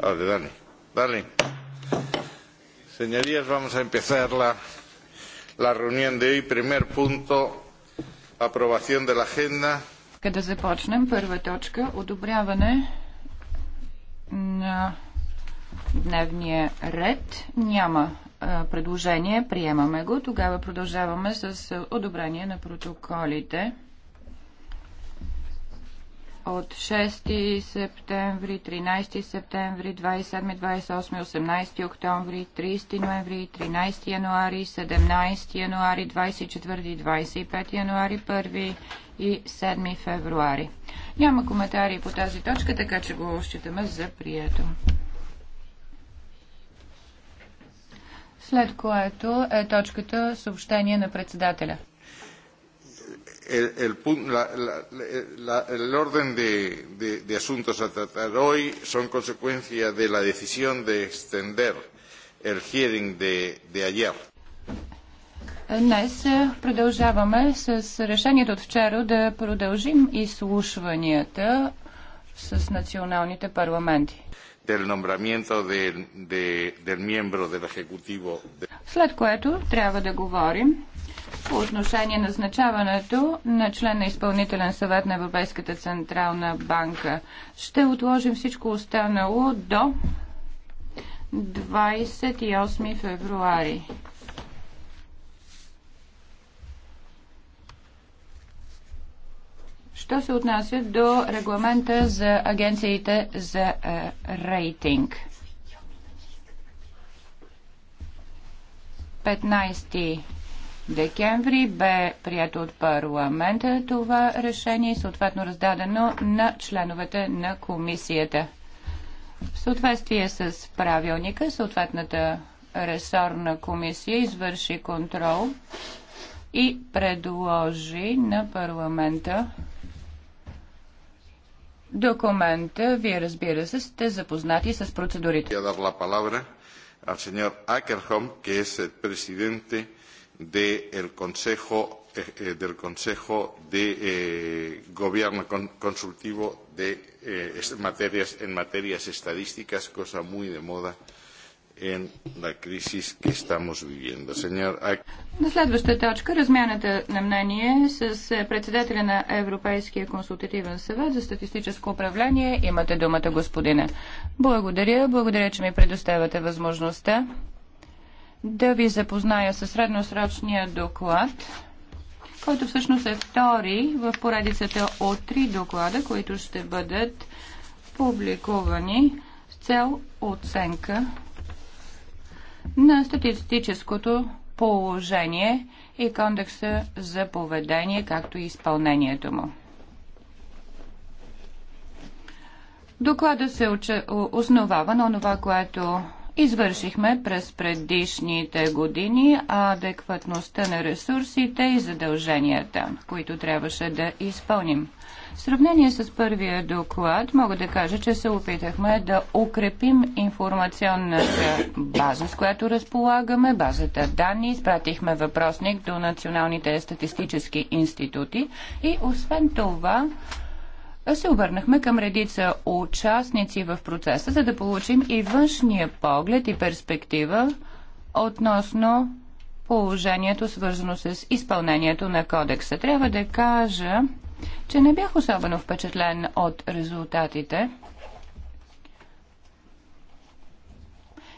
Vale, dale, dale. Señorías, vamos a empezar la, la reunión de hoy. Primer punto, aprobación de la agenda. Да започнем. Първа точка – одобряване на дневния ред. Няма предложение, приемаме го. Тогава продължаваме с одобрение на протоколите от 6 септември, 13 септември, 27, 28, 18 октомври, 30 ноември, 13 януари, 17 януари, 24, 25 януари, 1 и 7 февруари. Няма коментари по тази точка, така че го считаме за прието. След което е точката съобщение на председателя el, orden de, asuntos a tratar hoy son consecuencia de la decisión de extender el hearing de, ayer. Днес продължаваме с решението от вчера да продължим изслушванията с националните парламенти del nombramiento de, de, del miembro del Ejecutivo. След което трябва да говорим по отношение на назначаването на член на изпълнителен съвет на Европейската централна банка. Ще отложим всичко останало до 28 февруари. Що се отнася до регламента за агенциите за е, рейтинг? 15 декември бе прието от парламента това решение и съответно раздадено на членовете на комисията. В съответствие с правилника, съответната ресорна комисия извърши контрол и предложи на парламента документа. Вие, разбира се, сте запознати с процедурите. Voy a dar la palabra al señor Ackerholm, Eh, eh, del Consejo, de eh, Gobierno Consultivo en materias estadísticas, cosa muy de moda en la crisis que estamos viviendo. Señor... На следваща точка размяната на мнение с е, председателя на Европейския консултативен съвет за статистическо управление. Имате думата, господине. Благодаря. Благодаря, че ми предоставяте възможността да ви запозная със средносрочния доклад, който всъщност е втори в поредицата от три доклада, които ще бъдат публикувани с цел оценка на статистическото положение и кондекса за поведение, както и изпълнението му. Доклада се основава на това, което Извършихме през предишните години адекватността на ресурсите и задълженията, които трябваше да изпълним. В сравнение с първия доклад, мога да кажа, че се опитахме да укрепим информационната база, с която разполагаме, базата данни. Изпратихме въпросник до националните статистически институти и освен това се обърнахме към редица участници в процеса, за да получим и външния поглед и перспектива относно положението, свързано с изпълнението на кодекса. Трябва да кажа, че не бях особено впечатлен от резултатите.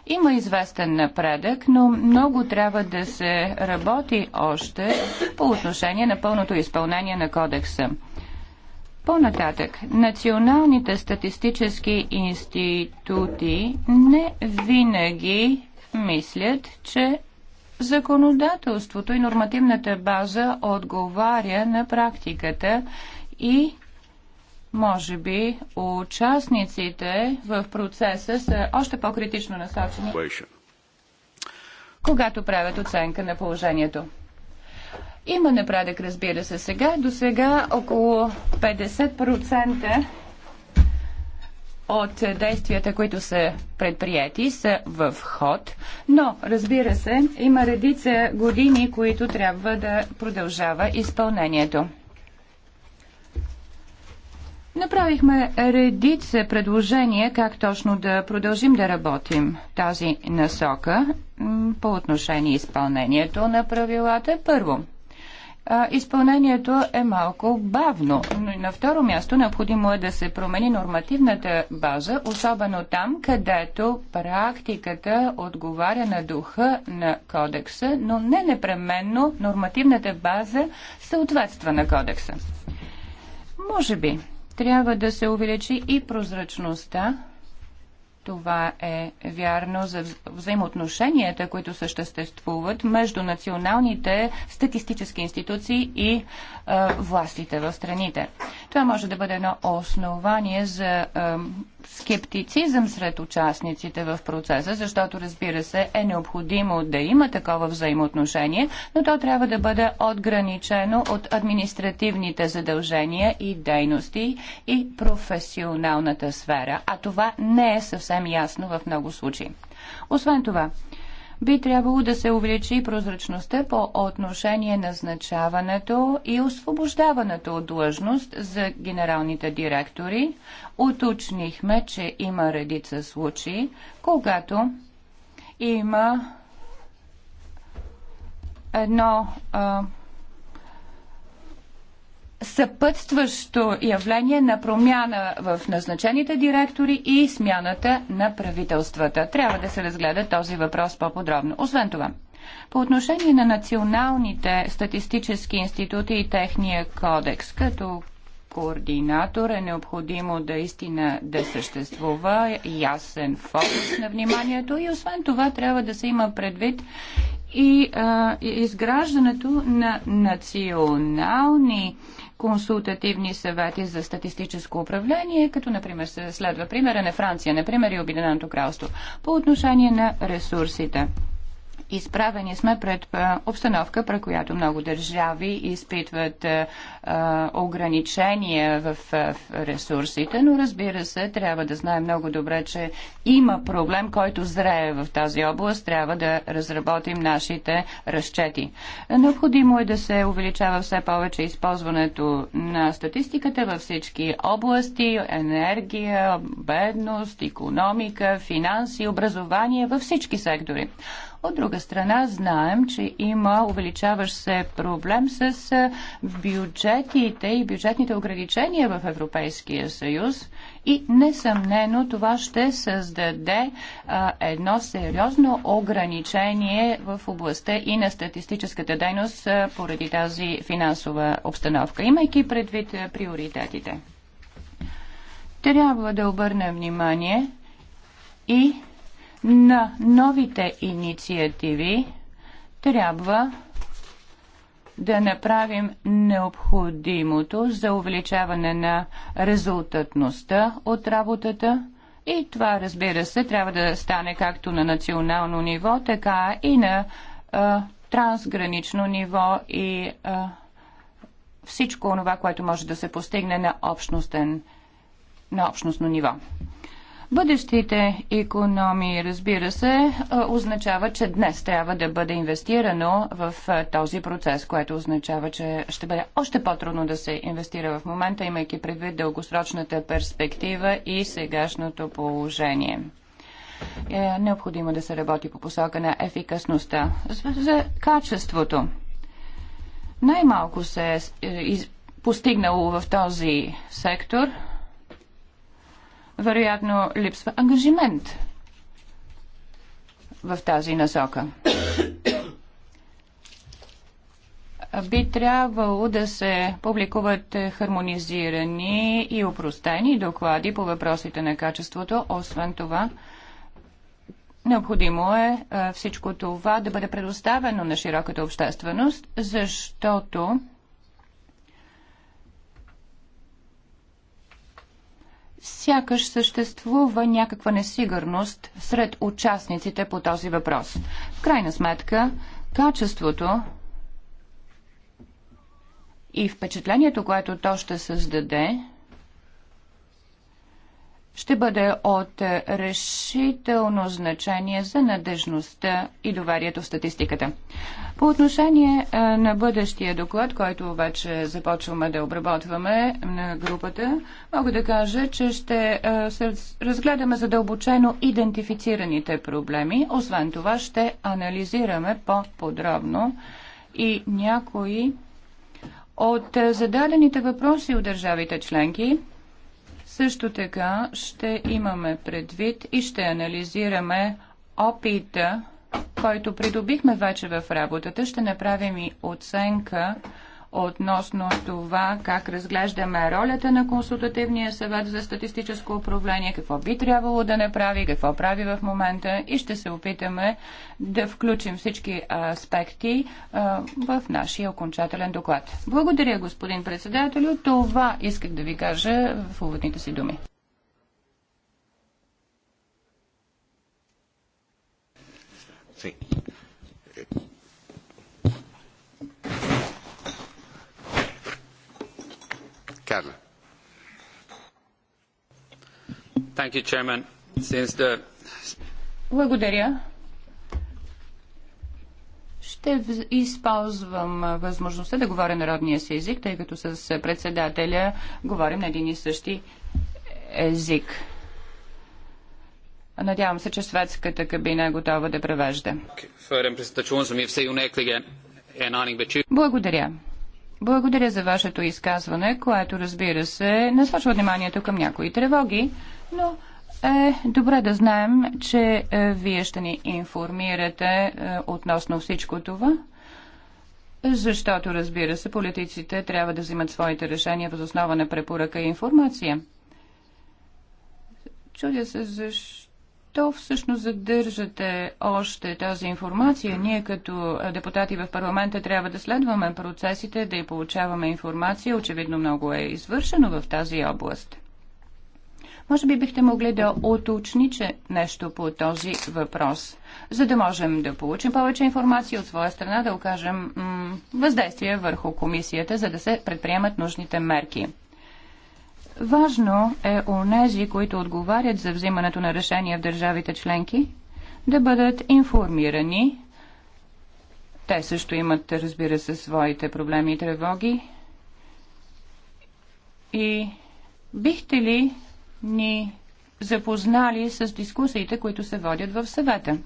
Има известен напредък, но много трябва да се работи още по отношение на пълното изпълнение на кодекса. По-нататък, националните статистически институти не винаги мислят, че законодателството и нормативната база отговаря на практиката и може би участниците в процеса са още по-критично насочени, когато правят оценка на положението. Има напредък, разбира се, сега. До сега около 50% от действията, които са предприяти, са в ход, но, разбира се, има редица години, които трябва да продължава изпълнението. Направихме редица предложения как точно да продължим да работим тази насока по отношение изпълнението на правилата. Първо, изпълнението е малко бавно. Но и на второ място необходимо е да се промени нормативната база, особено там, където практиката отговаря на духа на кодекса, но не непременно нормативната база съответства на кодекса. Може би трябва да се увеличи и прозрачността това е вярно за взаимоотношенията, които съществуват между националните статистически институции и властите в страните. Това може да бъде едно основание за е, скептицизъм сред участниците в процеса, защото разбира се е необходимо да има такова взаимоотношение, но то трябва да бъде отграничено от административните задължения и дейности и професионалната сфера, а това не е съвсем ясно в много случаи. Освен това, би трябвало да се увеличи прозрачността по отношение на значаването и освобождаването от длъжност за генералните директори. Уточнихме, че има редица случаи, когато има едно а, съпътстващо явление на промяна в назначените директори и смяната на правителствата. Трябва да се разгледа този въпрос по-подробно. Освен това, по отношение на националните статистически институти и техния кодекс, като координатор е необходимо да истина да съществува ясен фокус на вниманието и освен това трябва да се има предвид и а, изграждането на национални а, консултативни съвети за статистическо управление, като например се следва примера на Франция, например и Обединеното кралство, по отношение на ресурсите изправени сме пред обстановка, при която много държави изпитват ограничения в ресурсите, но разбира се, трябва да знаем много добре, че има проблем, който зрее в тази област. Трябва да разработим нашите разчети. Необходимо е да се увеличава все повече използването на статистиката във всички области енергия, бедност, економика, финанси, образование във всички сектори. От друга страна, знаем, че има увеличаващ се проблем с бюджетите и бюджетните ограничения в Европейския съюз и несъмнено това ще създаде а, едно сериозно ограничение в областта и на статистическата дейност а, поради тази финансова обстановка, имайки предвид а, приоритетите. Трябва да обърнем внимание и на новите инициативи трябва да направим необходимото за увеличаване на резултатността от работата и това, разбира се, трябва да стане както на национално ниво, така и на а, трансгранично ниво и а, всичко това, което може да се постигне на, общностен, на общностно ниво. Бъдещите економии, разбира се, означава, че днес трябва да бъде инвестирано в този процес, което означава, че ще бъде още по-трудно да се инвестира в момента, имайки предвид дългосрочната перспектива и сегашното положение е необходимо да се работи по посока на ефикасността. За качеството. Най-малко се е постигнало в този сектор вероятно липсва ангажимент в тази насока. Би трябвало да се публикуват хармонизирани и упростени доклади по въпросите на качеството. Освен това, Необходимо е всичко това да бъде предоставено на широката общественост, защото сякаш съществува някаква несигурност сред участниците по този въпрос. В крайна сметка, качеството и впечатлението, което то ще създаде, ще бъде от решително значение за надежността и доверието в статистиката. По отношение на бъдещия доклад, който обаче започваме да обработваме на групата, мога да кажа, че ще разгледаме задълбочено идентифицираните проблеми. Освен това, ще анализираме по-подробно и някои от зададените въпроси от държавите членки. Също така ще имаме предвид и ще анализираме опита който придобихме вече в работата. Ще направим и оценка относно това как разглеждаме ролята на Консултативния съвет за статистическо управление, какво би трябвало да направи, какво прави в момента и ще се опитаме да включим всички аспекти а, в нашия окончателен доклад. Благодаря, господин председател, Това исках да ви кажа в уводните си думи. Sí. Carla. Thank you, Chairman. Since the... Благодаря. Ще използвам възможността да говоря народния си език, тъй като с председателя говорим на един и същи е, език. Надявам се, че светската кабина е готова да превежда. Благодаря. Благодаря за вашето изказване, което разбира се насочва вниманието към някои тревоги, но е добре да знаем, че е, вие ще ни информирате е, относно всичко това, защото разбира се политиците трябва да взимат своите решения въз основа на препоръка и информация. Чудя се защо то всъщност задържате още тази информация. Ние като депутати в парламента трябва да следваме процесите, да и получаваме информация. Очевидно много е извършено в тази област. Може би бихте могли да уточните нещо по този въпрос, за да можем да получим повече информация от своя страна, да окажем въздействие върху комисията, за да се предприемат нужните мерки. Важно е нези, които отговарят за взимането на решения в държавите членки, да бъдат информирани. Те също имат, разбира се, своите проблеми и тревоги. И бихте ли ни запознали с дискусиите, които се водят в съвета?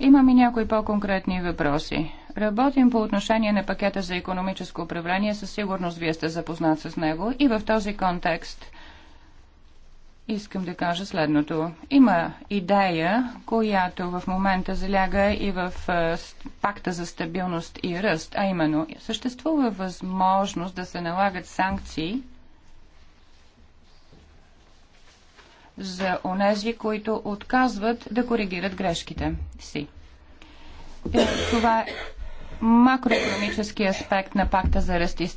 Имам и някои по-конкретни въпроси. Работим по отношение на пакета за економическо управление. Със сигурност вие сте запознат с него. И в този контекст искам да кажа следното. Има идея, която в момента заляга и в пакта за стабилност и ръст, а именно съществува възможност да се налагат санкции за онези, които отказват да коригират грешките си. Е, това е макроекономически аспект на пакта за ръст и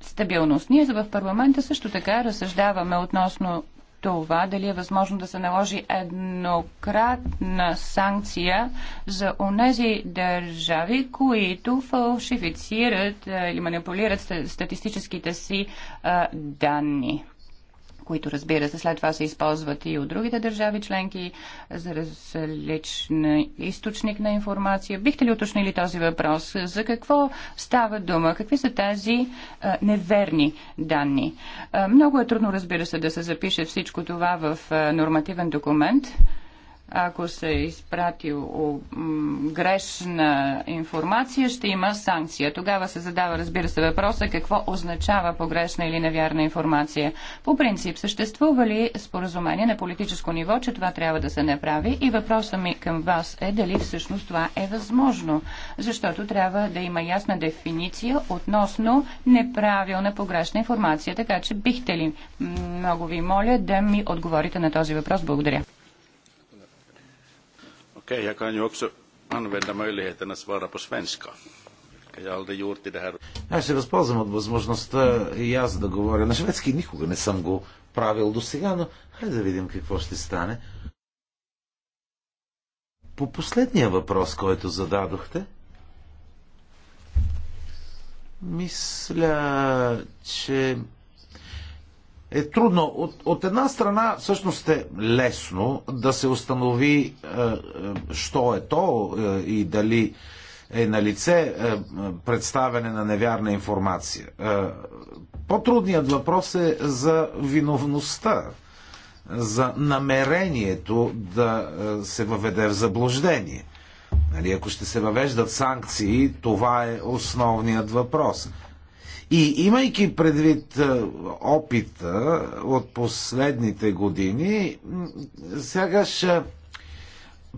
стабилност. Ние в парламента също така разсъждаваме относно това дали е възможно да се наложи еднократна санкция за онези държави, които фалшифицират е, или манипулират статистическите си е, данни които разбира се след това се използват и от другите държави членки за различен източник на информация. Бихте ли уточнили този въпрос? За какво става дума? Какви са тези а, неверни данни? А, много е трудно разбира се да се запише всичко това в а, нормативен документ ако се е изпратил грешна информация, ще има санкция. Тогава се задава, разбира се, въпроса какво означава погрешна или невярна информация. По принцип, съществува ли споразумение на политическо ниво, че това трябва да се направи? И въпросът ми към вас е дали всъщност това е възможно, защото трябва да има ясна дефиниция относно неправилна погрешна информация. Така че бихте ли, много ви моля, да ми отговорите на този въпрос. Благодаря. Аз ще възползвам от възможността и аз да говоря на шведски. Никога не съм го правил до сега, но хайде да видим какво ще стане. По последния въпрос, който зададохте, мисля, че е трудно. От, от една страна, всъщност е лесно да се установи е, е, що е то е, и дали е на лице е, е представяне на невярна информация. Е, по-трудният въпрос е за виновността, за намерението да е, се въведе в заблуждение. Нали, ако ще се въвеждат санкции, това е основният въпрос. И имайки предвид е, опита от последните години, сегаш е,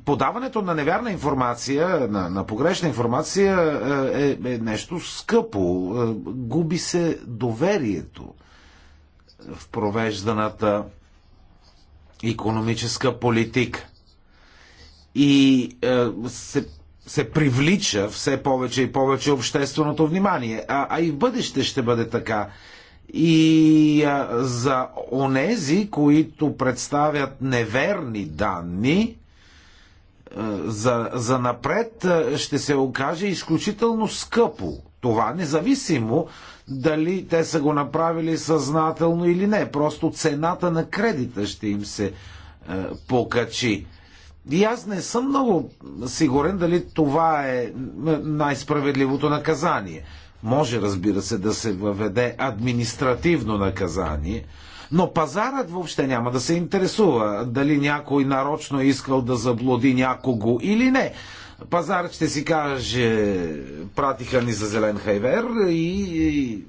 подаването на невярна информация, на, на погрешна информация е, е, е нещо скъпо. Губи се доверието в провежданата економическа политика. И е, се се привлича все повече и повече общественото внимание. А, а и в бъдеще ще бъде така. И а, за онези, които представят неверни данни, за, за напред ще се окаже изключително скъпо. Това независимо дали те са го направили съзнателно или не. Просто цената на кредита ще им се а, покачи. И аз не съм много сигурен дали това е най-справедливото наказание. Може, разбира се, да се въведе административно наказание, но пазарът въобще няма да се интересува дали някой нарочно е искал да заблуди някого или не. Пазарът ще си каже, пратиха ни за зелен хайвер и, и и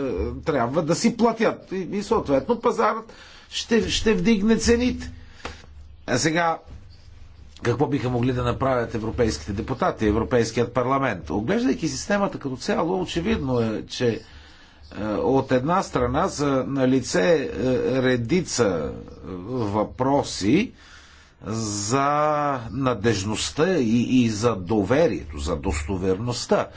е, трябва да си платят. И, и съответно пазарът ще, ще вдигне цените. А сега какво биха могли да направят европейските депутати, Европейският парламент. Оглеждайки системата като цяло, очевидно е, че е, от една страна са на лице е, редица въпроси за надежността и, и за доверието, за достоверността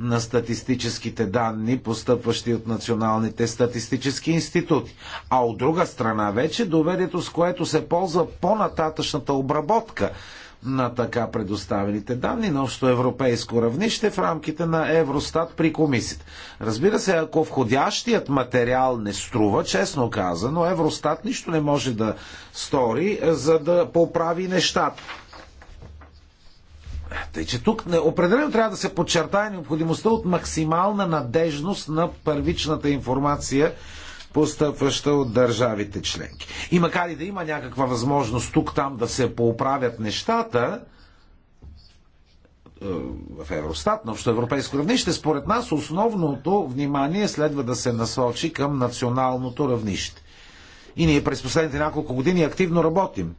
на статистическите данни, постъпващи от националните статистически институти. А от друга страна вече доверието, с което се ползва по-нататъчната обработка на така предоставените данни на общо европейско равнище в рамките на Евростат при комисията. Разбира се, ако входящият материал не струва, честно казано, Евростат нищо не може да стори, за да поправи нещата. Тъй, че тук определено трябва да се подчертае необходимостта от максимална надежност на първичната информация, постъпваща от държавите членки. И макар и да има някаква възможност тук-там да се поуправят нещата, е, в Евростат, на общоевропейско равнище, според нас основното внимание следва да се насочи към националното равнище. И ние през последните няколко години активно работим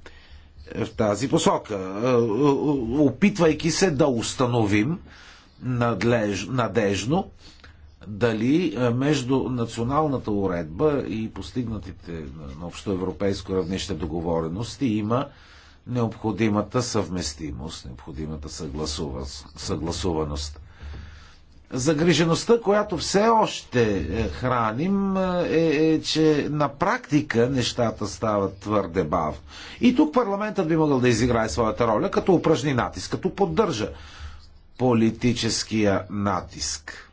в тази посока, е, е, опитвайки се да установим надлеж, надежно дали е, между националната уредба и постигнатите на общоевропейско равнище договорености има необходимата съвместимост, необходимата съгласуваност. Загрижеността, която все още е, храним, е, е, е, че на практика нещата стават твърде бавно. И тук парламентът би могъл да изиграе своята роля, като упражни натиск, като поддържа политическия натиск.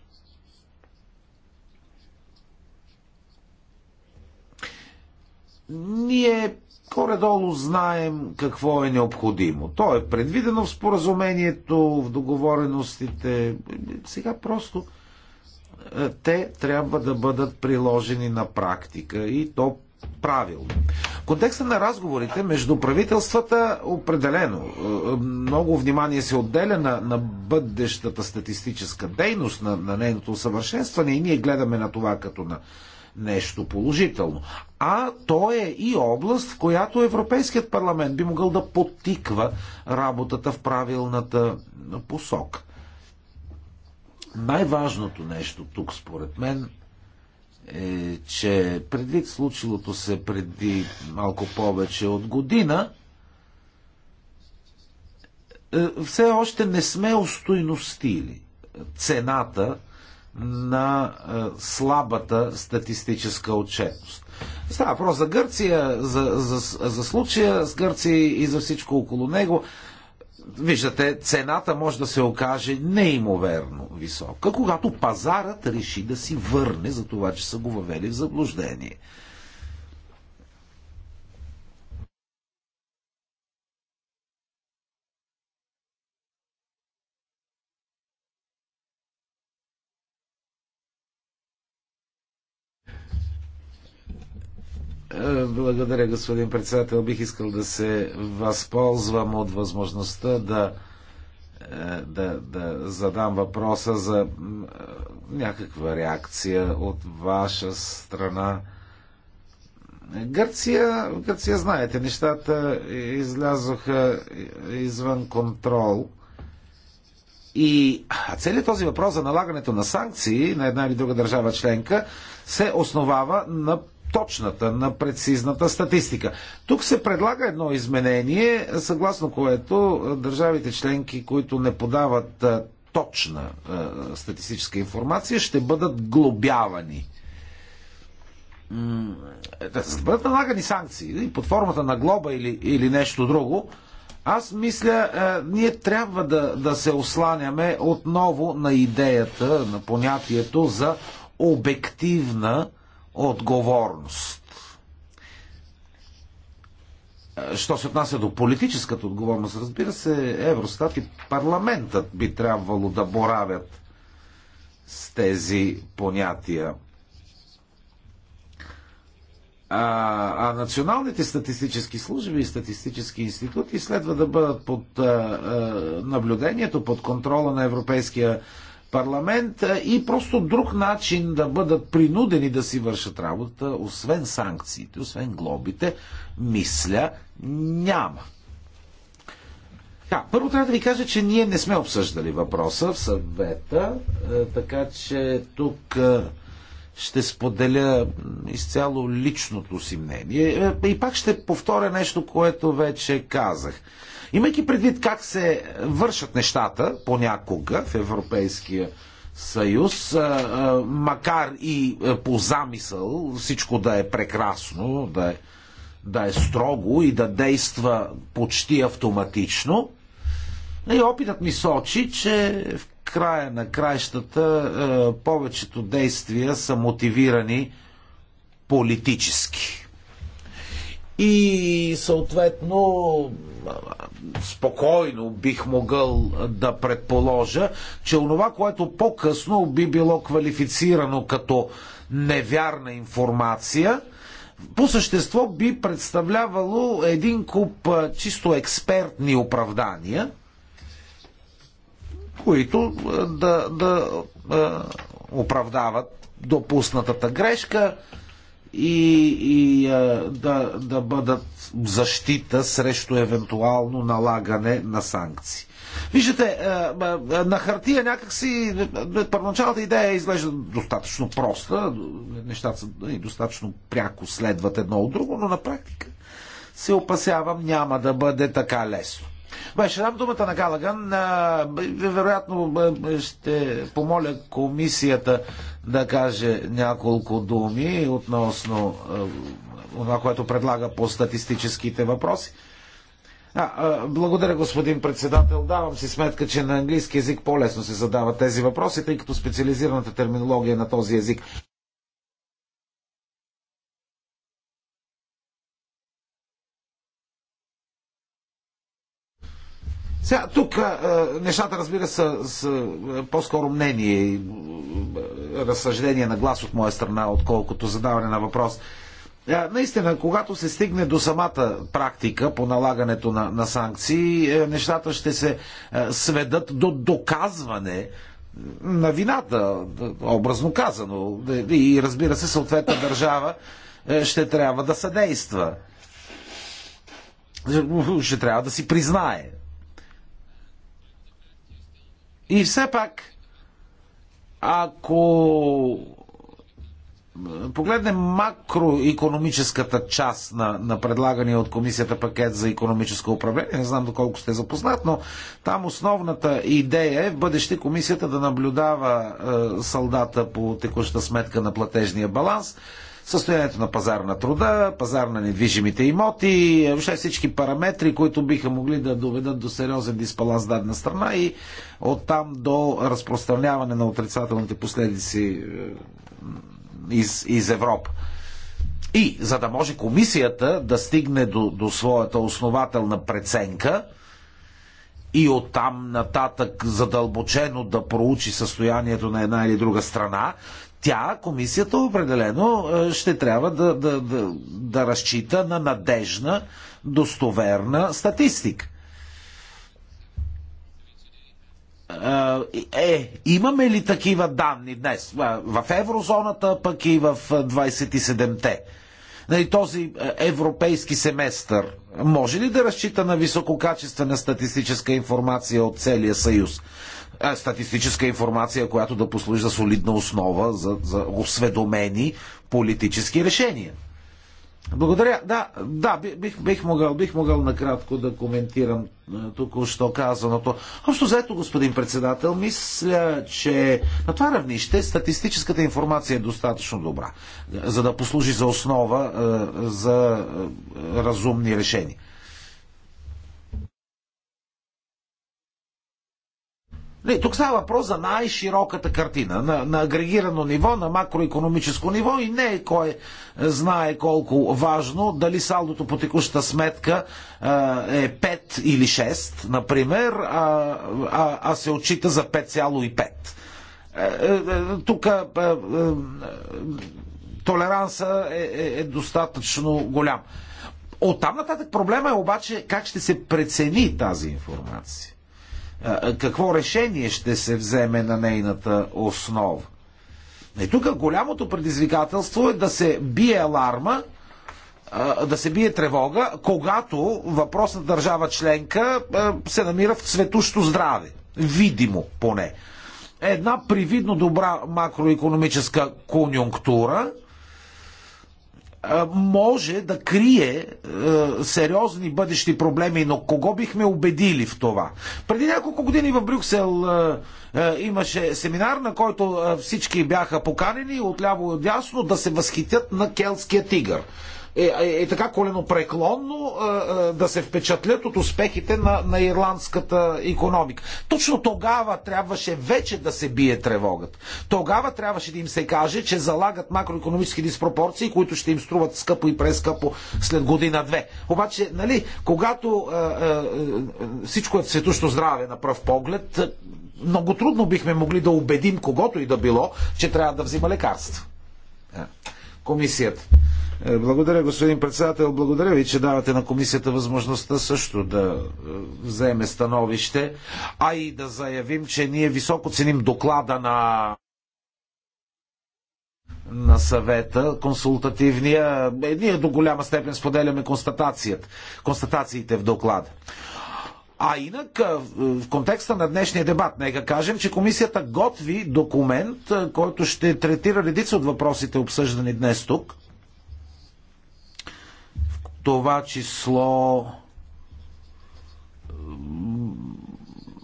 Ние Коредолу знаем какво е необходимо. То е предвидено в споразумението, в договореностите. Сега просто е, те трябва да бъдат приложени на практика и то правилно. В контекста на разговорите между правителствата определено е, много внимание се отделя на, на бъдещата статистическа дейност, на, на нейното усъвършенстване и ние гледаме на това като на нещо положително. А то е и област, в която Европейският парламент би могъл да потиква работата в правилната посока. Най-важното нещо тук, според мен, е, че предвид случилото се преди малко повече от година, е, все още не сме устойностили цената на е, слабата статистическа отчетност. Става въпрос за Гърция, за, за, за случая с Гърция и за всичко около него. Виждате, цената може да се окаже неимоверно висока, когато пазарът реши да си върне за това, че са го въвели в заблуждение. Благодаря, господин председател. Бих искал да се възползвам от възможността да, е, да, да задам въпроса за е, някаква реакция от ваша страна. Гърция, Гърция знаете, нещата излязоха извън контрол. И целият този въпрос за налагането на санкции на една или друга държава членка се основава на точната, на прецизната статистика. Тук се предлага едно изменение, съгласно което държавите членки, които не подават точна статистическа информация, ще бъдат глобявани за бъдат налагани санкции под формата на глоба или, или нещо друго, аз мисля, е, ние трябва да, да се осланяме отново на идеята, на понятието за обективна отговорност. Е, що се отнася до политическата отговорност, разбира се, Евростат и парламентът би трябвало да боравят с тези понятия. А, а националните статистически служби и статистически институти следва да бъдат под а, а, наблюдението, под контрола на Европейския парламент и просто друг начин да бъдат принудени да си вършат работа, освен санкциите, освен глобите, мисля, няма. Да, първо трябва да ви кажа, че ние не сме обсъждали въпроса в съвета, така че тук ще споделя изцяло личното си мнение. И пак ще повторя нещо, което вече казах. Имайки предвид как се вършат нещата понякога в Европейския съюз, макар и по замисъл всичко да е прекрасно, да е, да е строго и да действа почти автоматично, и опитът ми сочи, че в края на краищата повечето действия са мотивирани политически и съответно спокойно бих могъл да предположа, че онова, което по-късно би било квалифицирано като невярна информация, по същество би представлявало един куп чисто експертни оправдания, които да, да оправдават допуснатата грешка, и, и да, да бъдат защита срещу евентуално налагане на санкции. Виждате, на хартия някакси първоначалната идея изглежда достатъчно проста, нещата са и нали, достатъчно пряко следват едно от друго, но на практика се опасявам няма да бъде така лесно. Бе, ще дам думата на Галаган. Вероятно ще помоля комисията да каже няколко думи относно това, което предлага по статистическите въпроси. А, а, благодаря, господин председател. Давам си сметка, че на английски язик по-лесно се задават тези въпроси, тъй като специализираната терминология на този язик Сега, тук а, нещата, разбира се, са, по-скоро мнение и разсъждение на глас от моя страна, отколкото задаване на въпрос. А, наистина, когато се стигне до самата практика по налагането на, на санкции, е, нещата ще се а, сведат до доказване на вината, образно казано. И разбира се, съответна държава е, ще трябва да съдейства. Ще трябва да си признае и все пак, ако погледнем макроекономическата част на, на предлагания от комисията пакет за економическо управление, не знам доколко сте запознат, но там основната идея е в бъдеще комисията да наблюдава е, солдата по текуща сметка на платежния баланс, състоянието на пазар на труда, пазар на недвижимите имоти, въобще всички параметри, които биха могли да доведат до сериозен дисбаланс в дадена страна и оттам до разпространяване на отрицателните последици е, из, из Европа. И за да може комисията да стигне до, до своята основателна преценка, и оттам нататък задълбочено да проучи състоянието на една или друга страна, тя, комисията, определено е, ще трябва да, да, да, да разчита на надежна, достоверна статистика. Е, е имаме ли такива данни днес? Е, в еврозоната, пък и в 27-те. Нали, този европейски семестър може ли да разчита на висококачествена статистическа информация от целия съюз? Е статистическа информация, която да послужи за солидна основа за, за осведомени политически решения. Благодаря. Да, да бих, бих, могъл, бих могъл накратко да коментирам е, току-що казаното. Общо заето, господин председател, мисля, че на това равнище статистическата информация е достатъчно добра, е, за да послужи за основа за разумни решения. Не, нали, тук става въпрос за най-широката картина, на, на агрегирано ниво, на макроекономическо ниво и не е кой знае колко важно дали салдото по текущата сметка е 5 е или 6, например, а, а, а се отчита за 5,5. Е, е, тук толеранса е, е, е достатъчно голям. От там нататък проблема е обаче как ще се прецени тази информация. Какво решение ще се вземе на нейната основа? И тук голямото предизвикателство е да се бие аларма, да се бие тревога, когато въпросната държава членка се намира в цветущо здраве. Видимо поне. Една привидно добра макроекономическа конюнктура – може да крие сериозни бъдещи проблеми, но кого бихме убедили в това? Преди няколко години в Брюксел имаше семинар, на който всички бяха поканени отляво и отдясно да се възхитят на келтския тигър е, е, е така коленопреклонно е, е, да се впечатлят от успехите на, на ирландската економика. Точно тогава трябваше вече да се бие тревогата. Тогава трябваше да им се каже, че залагат макроекономически диспропорции, които ще им струват скъпо и прескъпо след година-две. Обаче, нали, когато е, е, е всичко е светущо здраве на пръв поглед, е, много трудно бихме могли да убедим когото и да било, че трябва да взима лекарства. Е, комисията. Е, благодаря, господин председател. Благодаря ви, че давате на комисията възможността също да е, вземе становище, а и да заявим, че ние високо ценим доклада на на съвета, консултативния. Е, ние до голяма степен споделяме констатацията, констатациите в доклада. А инак, в контекста на днешния дебат, нека кажем, че комисията готви документ, който ще третира редица от въпросите, обсъждани днес тук това число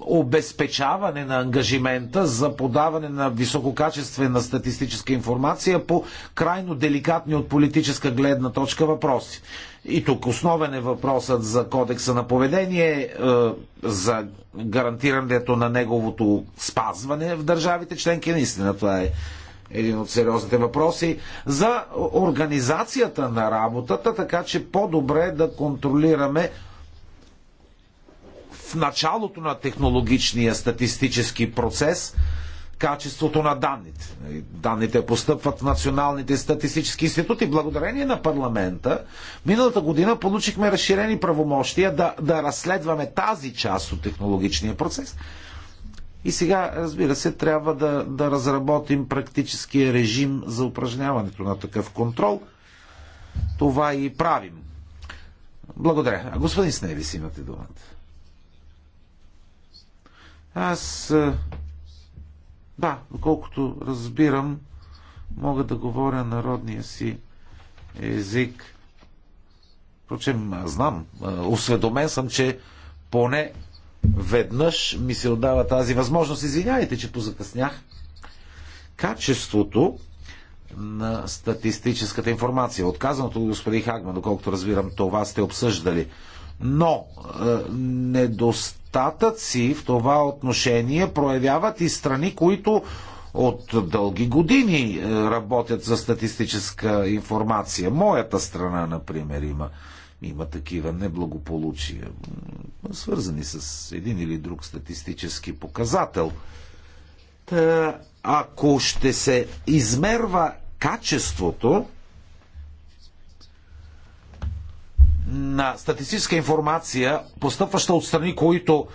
обезпечаване на ангажимента за подаване на висококачествена статистическа информация по крайно деликатни от политическа гледна точка въпроси. И тук основен е въпросът за кодекса на поведение, е, за гарантирането на неговото спазване в държавите членки. Наистина това е един от сериозните въпроси, за организацията на работата, така че по-добре да контролираме в началото на технологичния статистически процес качеството на данните. Данните постъпват в националните статистически институти. Благодарение на парламента, миналата година получихме разширени правомощия да, да разследваме тази част от технологичния процес и сега, разбира се, трябва да, да разработим практическия режим за упражняването на такъв контрол. Това и правим. Благодаря. А господин Сневис, имате думата. Аз. Да, доколкото разбирам, мога да говоря народния си език. Впрочем, знам, осведомен съм, че поне веднъж ми се отдава тази възможност. Извинявайте, че позакъснях. Качеството на статистическата информация. Отказаното от господин Хагман, доколкото разбирам, това сте обсъждали. Но е, недостатъци в това отношение проявяват и страни, които от дълги години е, работят за статистическа информация. Моята страна, например, има има такива неблагополучия, свързани с един или друг статистически показател. Та, ако ще се измерва качеството на статистическа информация, постъпваща от страни, които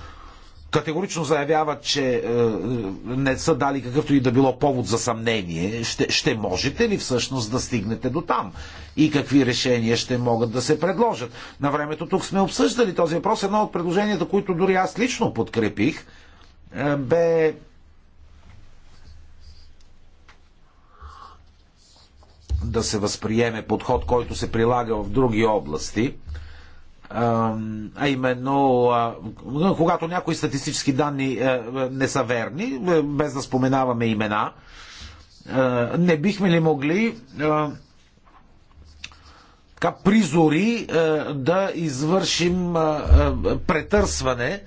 категорично заявяват, че е, не са дали какъвто и да било повод за съмнение, ще, ще можете ли всъщност да стигнете до там? И какви решения ще могат да се предложат? На времето тук сме обсъждали този въпрос. Едно от предложенията, които дори аз лично подкрепих, е, бе да се възприеме подход, който се прилага в други области – а именно когато някои статистически данни е, не са верни, е, без да споменаваме имена, е, не бихме ли могли така призори да извършим претърсване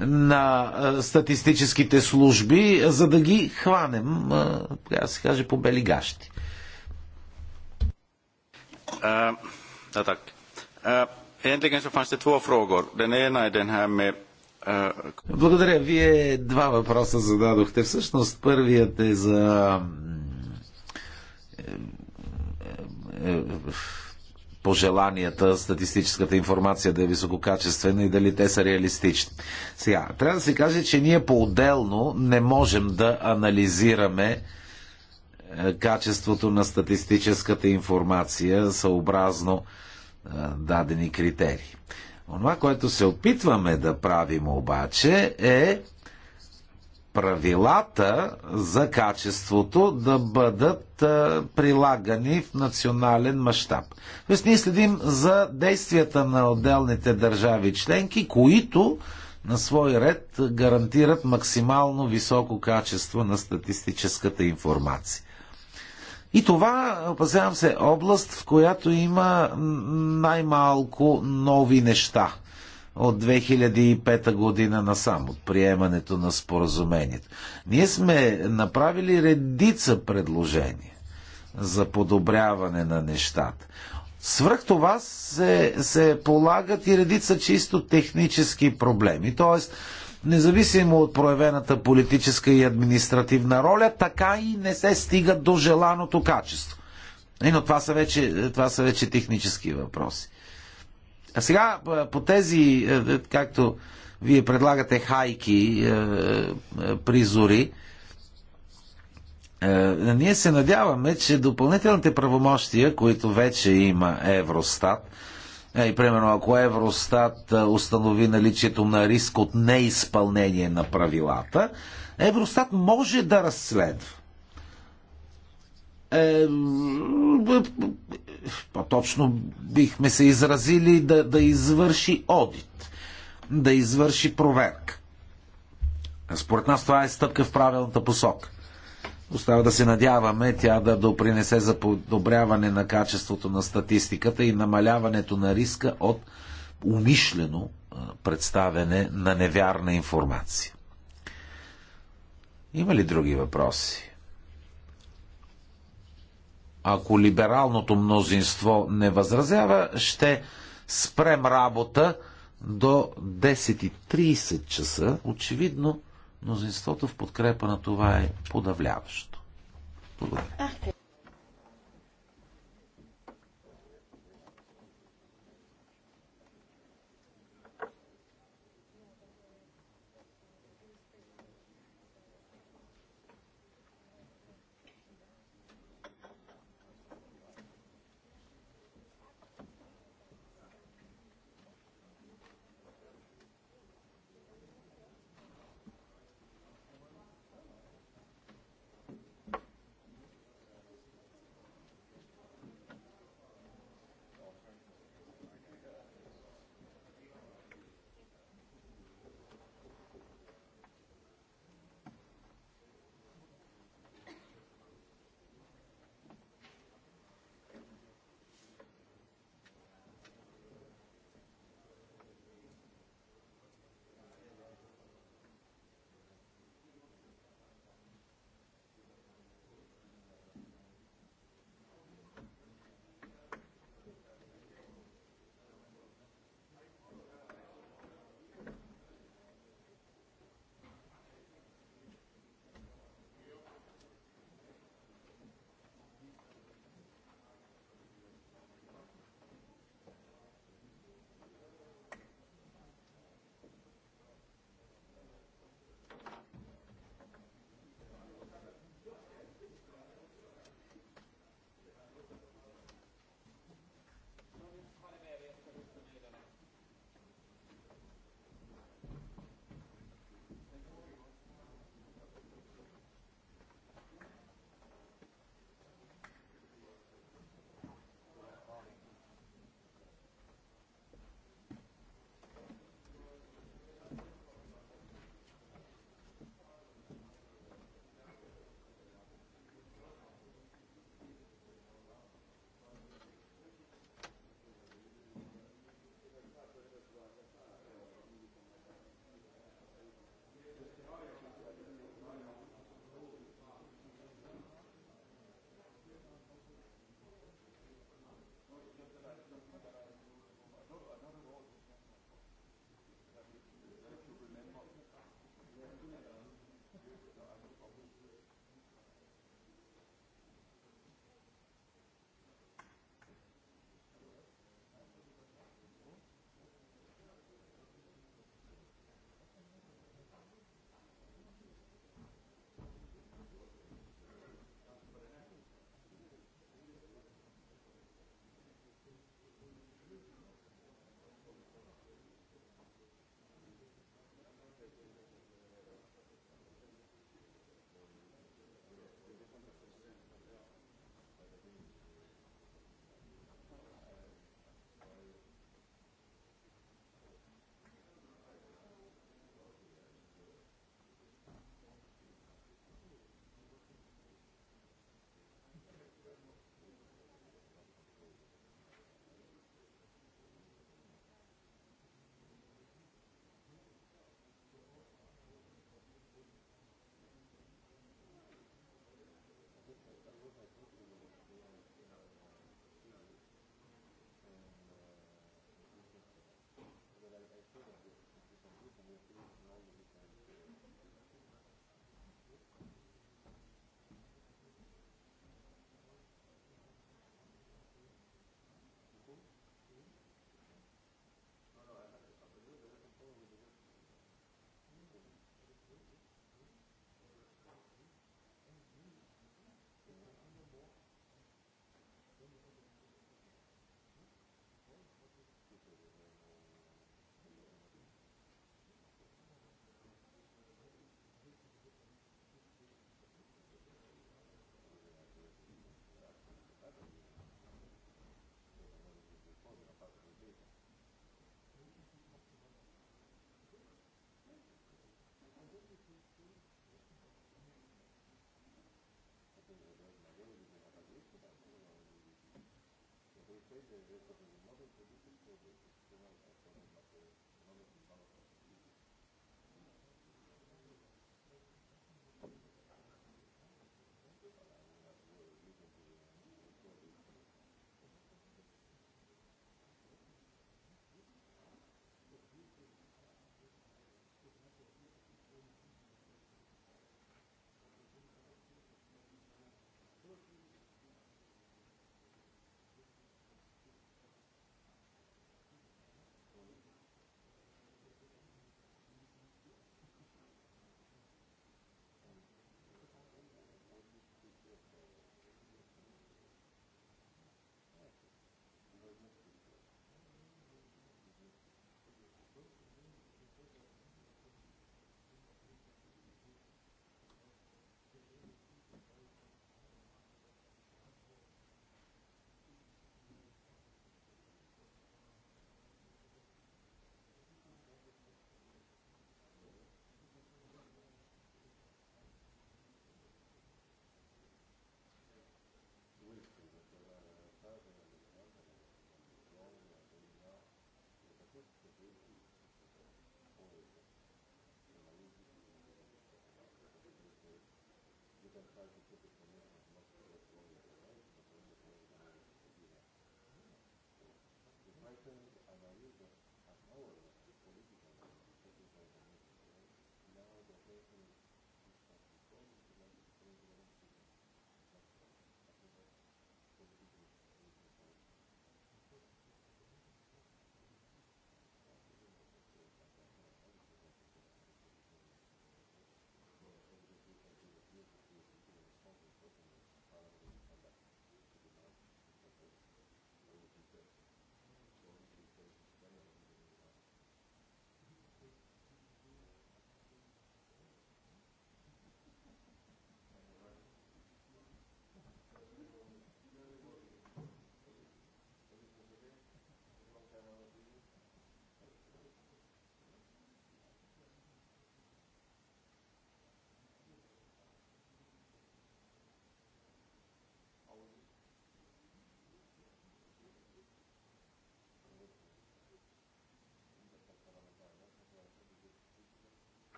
на статистическите служби, за да ги хванем, така да се каже, по бели гащи. А, да, так. А... Egentligen så fanns det två frågor. Den ena är den här med eh, благодаря. Вие два въпроса зададохте. Всъщност първият е за пожеланията, статистическата информация да е висококачествена и дали те са реалистични. Сега, трябва да се каже, че ние по-отделно не можем да анализираме е, качеството на статистическата информация съобразно дадени критерии. Онова, което се опитваме да правим обаче е правилата за качеството да бъдат прилагани в национален мащаб. Тоест ние следим за действията на отделните държави членки, които на свой ред гарантират максимално високо качество на статистическата информация. И това, опасявам се, е област, в която има най-малко нови неща от 2005 година насам, от приемането на споразумението. Ние сме направили редица предложения за подобряване на нещата. Свръх това се, се полагат и редица чисто технически проблеми. Тоест, независимо от проявената политическа и административна роля, така и не се стига до желаното качество. И, е, но това са, вече, това са вече технически въпроси. А сега по тези, както вие предлагате, хайки, призори, ние се надяваме, че допълнителните правомощия, които вече има Евростат, е, и примерно, ако Евростат е, установи наличието на риск от неизпълнение на правилата, Евростат може да разследва. Е, по-точно бихме се изразили да, да извърши одит, да извърши проверка. Според нас това е стъпка в правилната посока. Остава да се надяваме тя да допринесе за подобряване на качеството на статистиката и намаляването на риска от умишлено представяне на невярна информация. Има ли други въпроси? Ако либералното мнозинство не възразява, ще спрем работа до 10.30 часа. Очевидно, Мнозинството в подкрепа на това е подавляващо. Благодаря.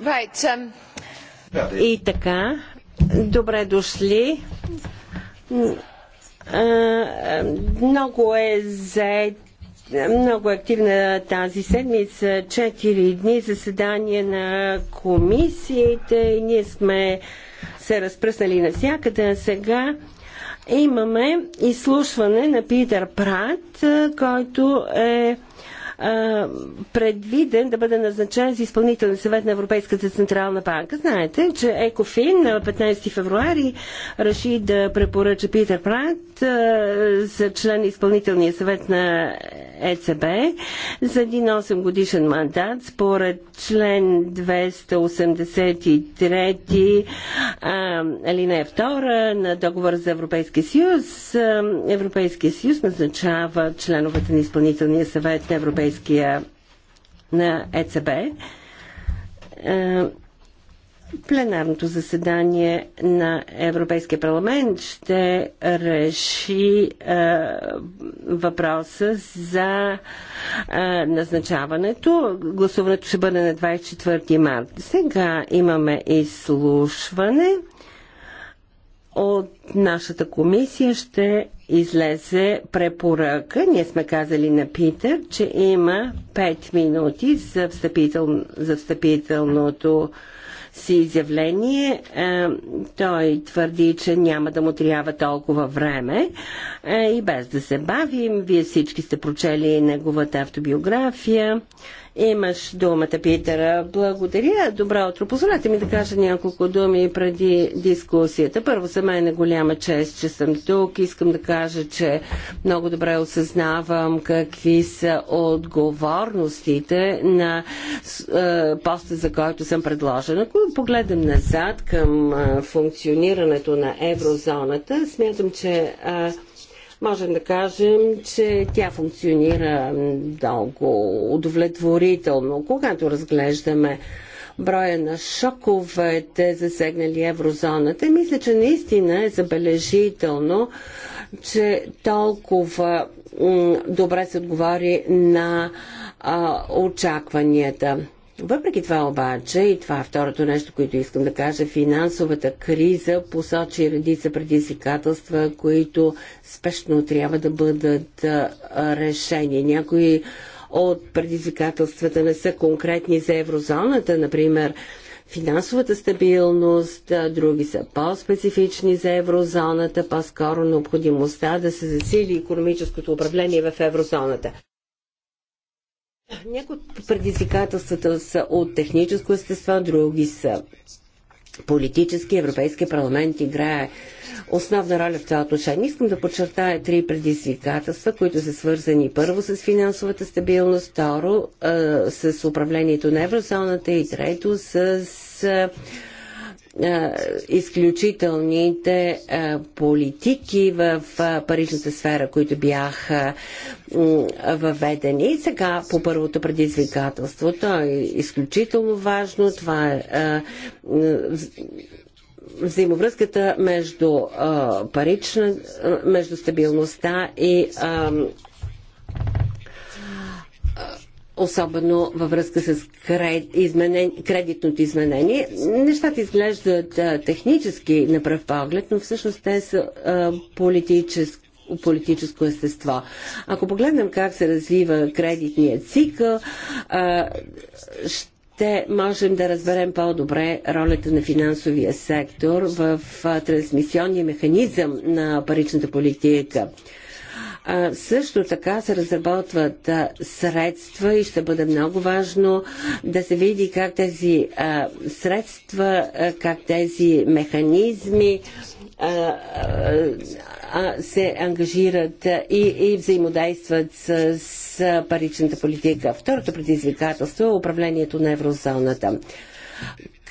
Um, и така, добре дошли. Много е за, много е активна тази седмица. Четири дни заседания на комисиите и ние сме се разпръснали навсякъде. Сега имаме изслушване на Питър Прат, който е предвиден да бъде назначен за изпълнителен съвет на Европейската централна банка. Знаете, че Екофин на 15 февруари реши да препоръча Питер Прат за член на изпълнителния съвет на ЕЦБ за един 8 годишен мандат според член 283 алинея 2 на договор за Европейския съюз. Европейския съюз назначава членовете на изпълнителния съвет на Европейския Европейския на ЕЦБ. Е, пленарното заседание на Европейския парламент ще реши е, въпроса за е, назначаването. Гласуването ще бъде на 24 март. Сега имаме изслушване от нашата комисия ще излезе препоръка. Ние сме казали на Питър, че има 5 минути за, встъпител, за встъпителното си изявление. Е, той твърди, че няма да му трябва толкова време. Е, и без да се бавим, вие всички сте прочели неговата автобиография Имаш думата, Питера. Благодаря. Добро утро. Позволете ми да кажа няколко думи преди дискусията. Първо, за мен е голяма чест, че съм тук. Искам да кажа, че много добре осъзнавам какви са отговорностите на е, поста, за който съм предложена. Ако погледам назад към е, функционирането на еврозоната, смятам, че е, можем да кажем, че тя функционира много удовлетворително. Когато разглеждаме броя на шоковете, засегнали еврозоната, мисля, че наистина е забележително, че толкова добре се отговори на а, очакванията. Въпреки това обаче, и това е второто нещо, което искам да кажа, финансовата криза посочи редица предизвикателства, които спешно трябва да бъдат решени. Някои от предизвикателствата не са конкретни за еврозоната, например финансовата стабилност, други са по-специфични за еврозоната, по-скоро необходимостта да се засили економическото управление в еврозоната. Някои от предизвикателствата са от техническо естество, други са политически. Европейския парламент играе основна роля в това отношение. Искам да подчертая три предизвикателства, които са свързани първо с финансовата стабилност, второ с управлението на еврозоната и трето с изключителните политики в паричната сфера, които бяха въведени. И сега по първото предизвикателство. То е изключително важно. Това е взаимовръзката между парична, между стабилността и особено във връзка с кред, изменен, кредитното изменение. Нещата изглеждат а, технически на пръв поглед, но всъщност те са а, политически политическо естество. Ако погледнем как се развива кредитния цикъл, ще можем да разберем по-добре ролята на финансовия сектор в трансмисионния механизъм на паричната политика също така се разработват средства и ще бъде много важно да се види как тези средства, как тези механизми се ангажират и, и взаимодействат с, с паричната политика. Второто предизвикателство е управлението на еврозоната.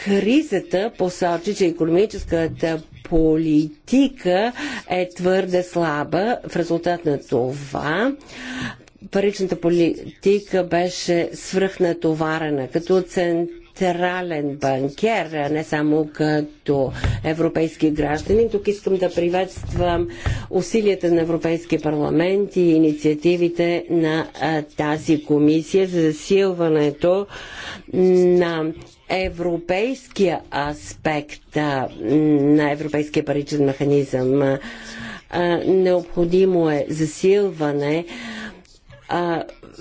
Кризата посочи, че економическата политика е твърде слаба. В резултат на това паричната политика беше свръхнатоварена като централен банкер, а не само като европейски граждани. Тук искам да приветствам усилията на Европейския парламент и инициативите на тази комисия за засилването на европейския аспект на европейския паричен механизъм. Необходимо е засилване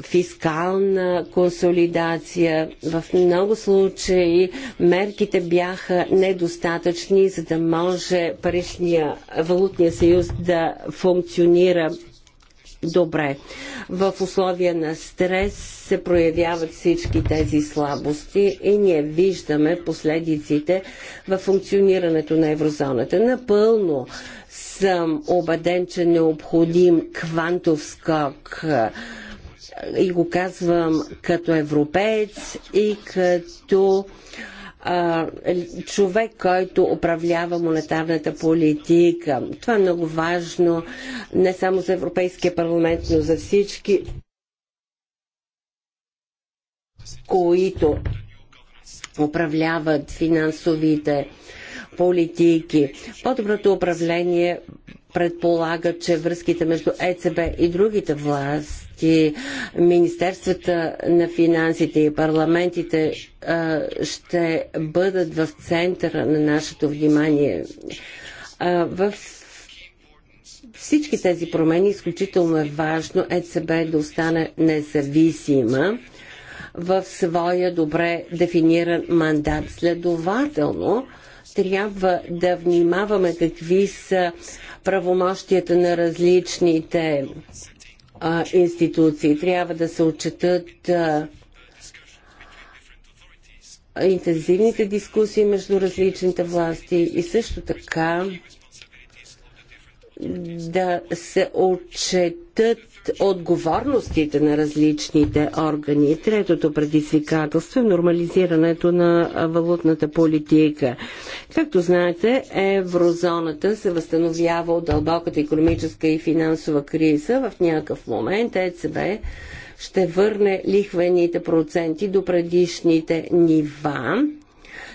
фискална консолидация. В много случаи мерките бяха недостатъчни, за да може паричния валутния съюз да функционира добре. В условия на стрес се проявяват всички тези слабости и ние виждаме последиците в функционирането на еврозоната. Напълно съм убеден, че необходим квантов скок и го казвам като европеец и като човек, който управлява монетарната политика. Това е много важно не само за Европейския парламент, но за всички, които управляват финансовите политики. По-доброто управление предполага, че връзките между ЕЦБ и другите власти проекти, Министерствата на финансите и парламентите ще бъдат в центъра на нашето внимание. В всички тези промени изключително е важно ЕЦБ да остане независима в своя добре дефиниран мандат. Следователно, трябва да внимаваме какви са правомощията на различните а, институции. Трябва да се отчетат а, интензивните дискусии между различните власти и също така да се отчетат отговорностите на различните органи. Третото предизвикателство е нормализирането на валутната политика. Както знаете, еврозоната се възстановява от дълбоката економическа и финансова криза. В някакъв момент ЕЦБ ще върне лихвените проценти до предишните нива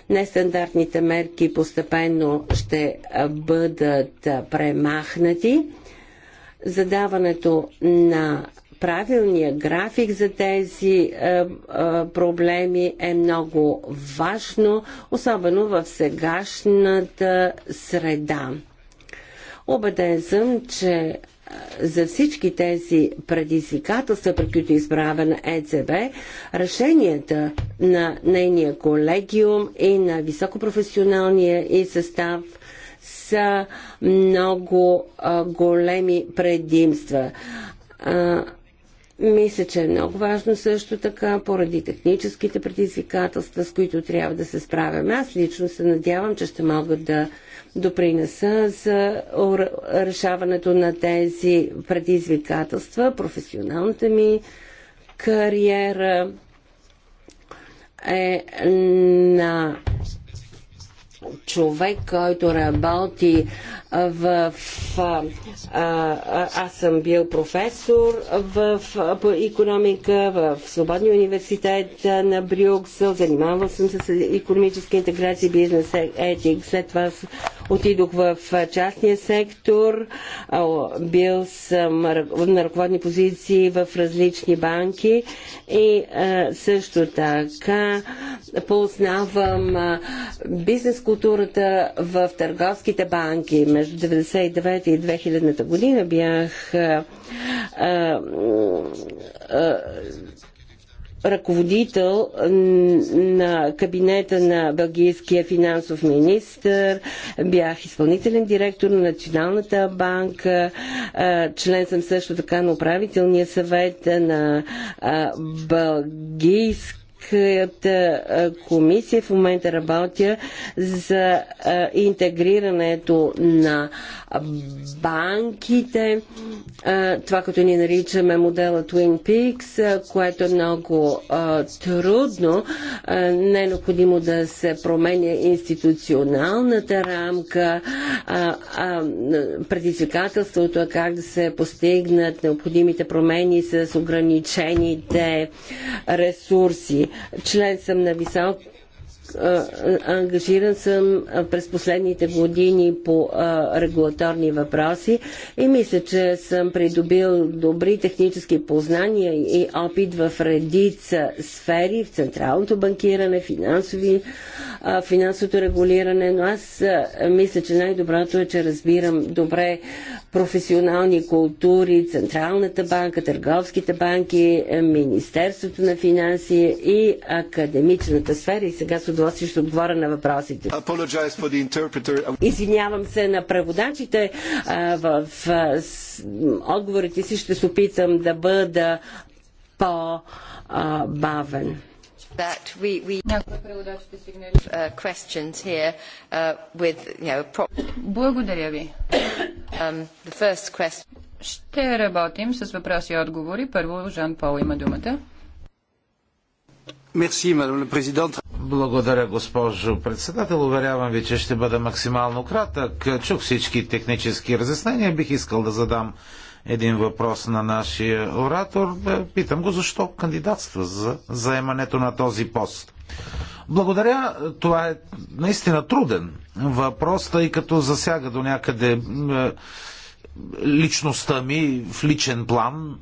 нестандартните мерки постепенно ще бъдат премахнати задаването на правилния график за тези е, е, проблеми е много важно, особено в сегашната среда. Обеден съм, че е, за всички тези предизвикателства, при които е на ЕЦБ, решенията на нейния колегиум и на високопрофесионалния и състав – са много а, големи предимства. А, мисля, че е много важно също така, поради техническите предизвикателства, с които трябва да се справяме. Аз лично се надявам, че ще мога да допринеса за решаването на тези предизвикателства, професионалната ми кариера е на човек, който работи в... А, а, аз съм бил професор в, по економика в Свободния университет на Брюксел, занимавал съм се с економическа интеграция и бизнес етик. След това Отидох в частния сектор, бил съм на ръководни позиции в различни банки и също така познавам бизнес културата в търговските банки. Между 1999 и 2000 година бях ръководител на кабинета на бългийския финансов министр, бях изпълнителен директор на Националната банка, член съм също така на управителния съвет на бългийски Европейската комисия в момента работя за интегрирането на банките, това като ни наричаме модела Twin Peaks, което е много трудно. Не е необходимо да се променя институционалната рамка. Предизвикателството е как да се постигнат необходимите промени с ограничените ресурси член съм на ангажиран съм през последните години по регулаторни въпроси и мисля, че съм придобил добри технически познания и опит в редица сфери, в централното банкиране, финансови, финансовото регулиране, но аз мисля, че най-доброто е, че разбирам добре професионални култури, Централната банка, търговските банки, Министерството на финанси и академичната сфера и сега с удоволствие ще отговоря на въпросите. Извинявам се на преводачите. В отговорите си ще се опитам да бъда по-бавен. Благодаря ви. Um, ще работим с въпроси и отговори. Първо Жан Пол има думата. Благодаря, госпожо председател. Уверявам ви, че ще бъда максимално кратък. Чух всички технически разяснения. Бих искал да задам един въпрос на нашия оратор. Питам го защо кандидатства за заемането на този пост. Благодаря, това е наистина труден въпрос, тъй като засяга до някъде личността ми в личен план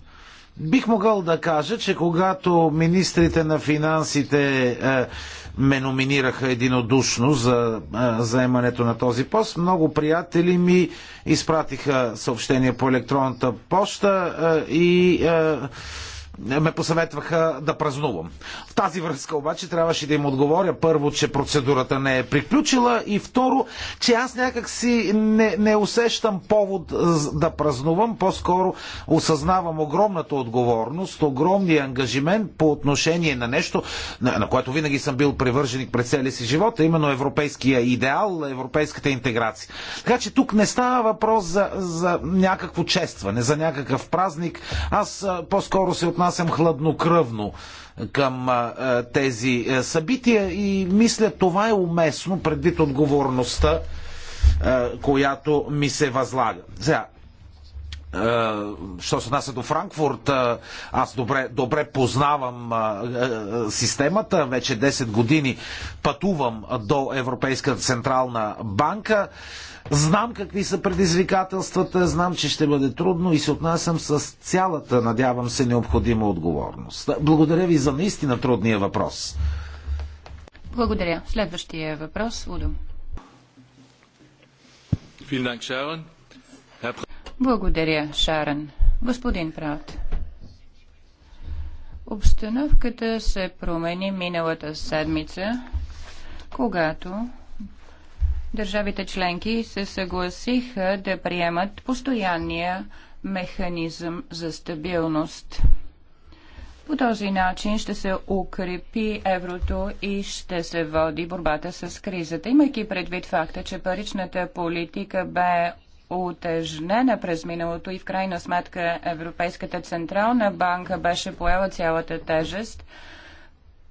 Бих могъл да кажа, че когато министрите на финансите е, ме номинираха единодушно за е, заемането на този пост, много приятели ми изпратиха съобщение по електронната поща е, и. Е, ме посъветваха да празнувам. В тази връзка обаче трябваше да им отговоря първо, че процедурата не е приключила и второ, че аз някак си не, не усещам повод е, да празнувам, по-скоро осъзнавам огромната отговорност, огромния ангажимент по отношение на нещо, на, на което винаги съм бил привърженик през целия си живот, а именно европейския идеал, европейската интеграция. Така че тук не става въпрос за, за някакво честване, за някакъв празник. Аз е, по-скоро се отнасям отнасям хладнокръвно към тези събития и мисля това е уместно предвид отговорността, която ми се възлага. Сега, е, що се отнася до Франкфурт, е, аз добре, добре познавам е, системата. Вече 10 години пътувам до Европейската централна банка. Знам какви са предизвикателствата, знам, че ще бъде трудно и се отнасям с цялата, надявам се, необходима отговорност. Благодаря ви за наистина трудния въпрос. Благодаря. Следващия въпрос, Удо. Vielen Dank, Sharon. Благодаря, Шарен. Господин Праут. Обстановката се промени миналата седмица, когато държавите членки се съгласиха да приемат постоянния механизъм за стабилност. По този начин ще се укрепи еврото и ще се води борбата с кризата, имайки предвид факта, че паричната политика бе утежнена през миналото и в крайна сметка Европейската централна банка беше поела цялата тежест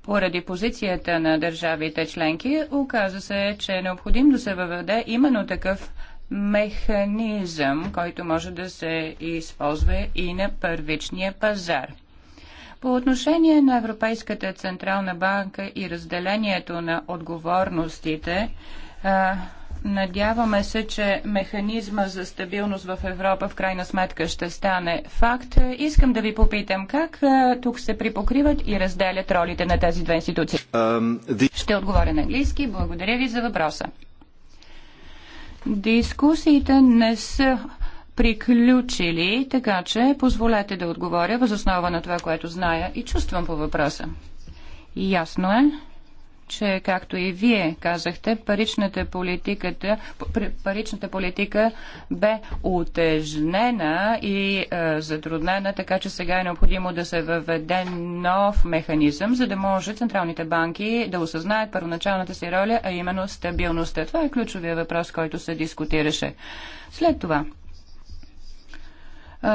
поради позицията на държавите членки, оказа се, че е необходим да се въведе именно такъв механизъм, който може да се използва и на първичния пазар. По отношение на Европейската Централна банка и разделението на отговорностите, Надяваме се, че механизма за стабилност в Европа в крайна сметка ще стане факт. Искам да ви попитам как е, тук се припокриват и разделят ролите на тези две институции. Um, the... Ще отговоря на английски. Благодаря ви за въпроса. Дискусиите не са приключили, така че позволете да отговоря възоснова на това, което зная и чувствам по въпроса. Ясно е, че, както и вие казахте, паричната, политика, паричната политика бе утежнена и е, затруднена, така че сега е необходимо да се въведе нов механизъм, за да може централните банки да осъзнаят първоначалната си роля, а именно стабилността. Това е ключовия въпрос, който се дискутираше. След това. Е,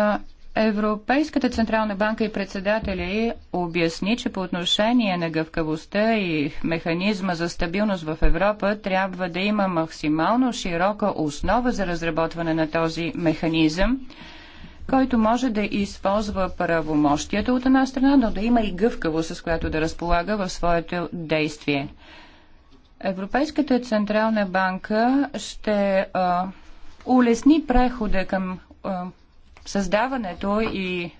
Европейската централна банка и председателя обясни, че по отношение на гъвкавостта и механизма за стабилност в Европа трябва да има максимално широка основа за разработване на този механизъм, който може да използва правомощията от една страна, но да има и гъвкавост, с която да разполага в своето действие. Европейската централна банка ще а, улесни прехода към а, създаването и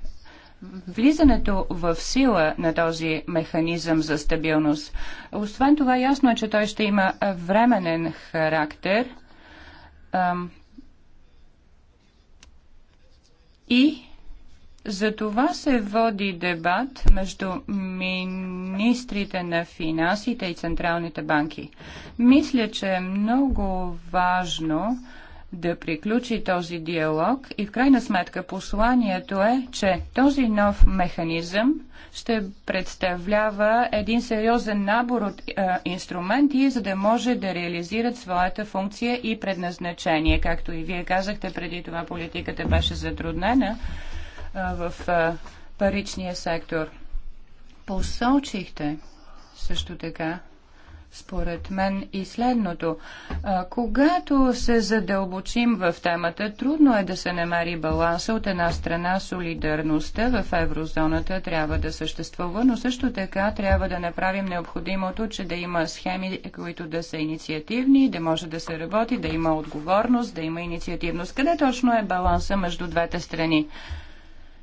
влизането в сила на този механизъм за стабилност. Освен това, ясно е, че той ще има временен характер и за това се води дебат между министрите на финансите и централните банки. Мисля, че е много важно да приключи този диалог и в крайна сметка посланието е, че този нов механизъм ще представлява един сериозен набор от е, инструменти, за да може да реализират своята функция и предназначение. Както и вие казахте, преди това политиката беше затруднена е, в е, паричния сектор. Посочихте също така, според мен и следното. А, когато се задълбочим в темата, трудно е да се намери баланса. От една страна солидарността в еврозоната трябва да съществува, но също така трябва да направим необходимото, че да има схеми, които да са инициативни, да може да се работи, да има отговорност, да има инициативност. Къде точно е баланса между двете страни?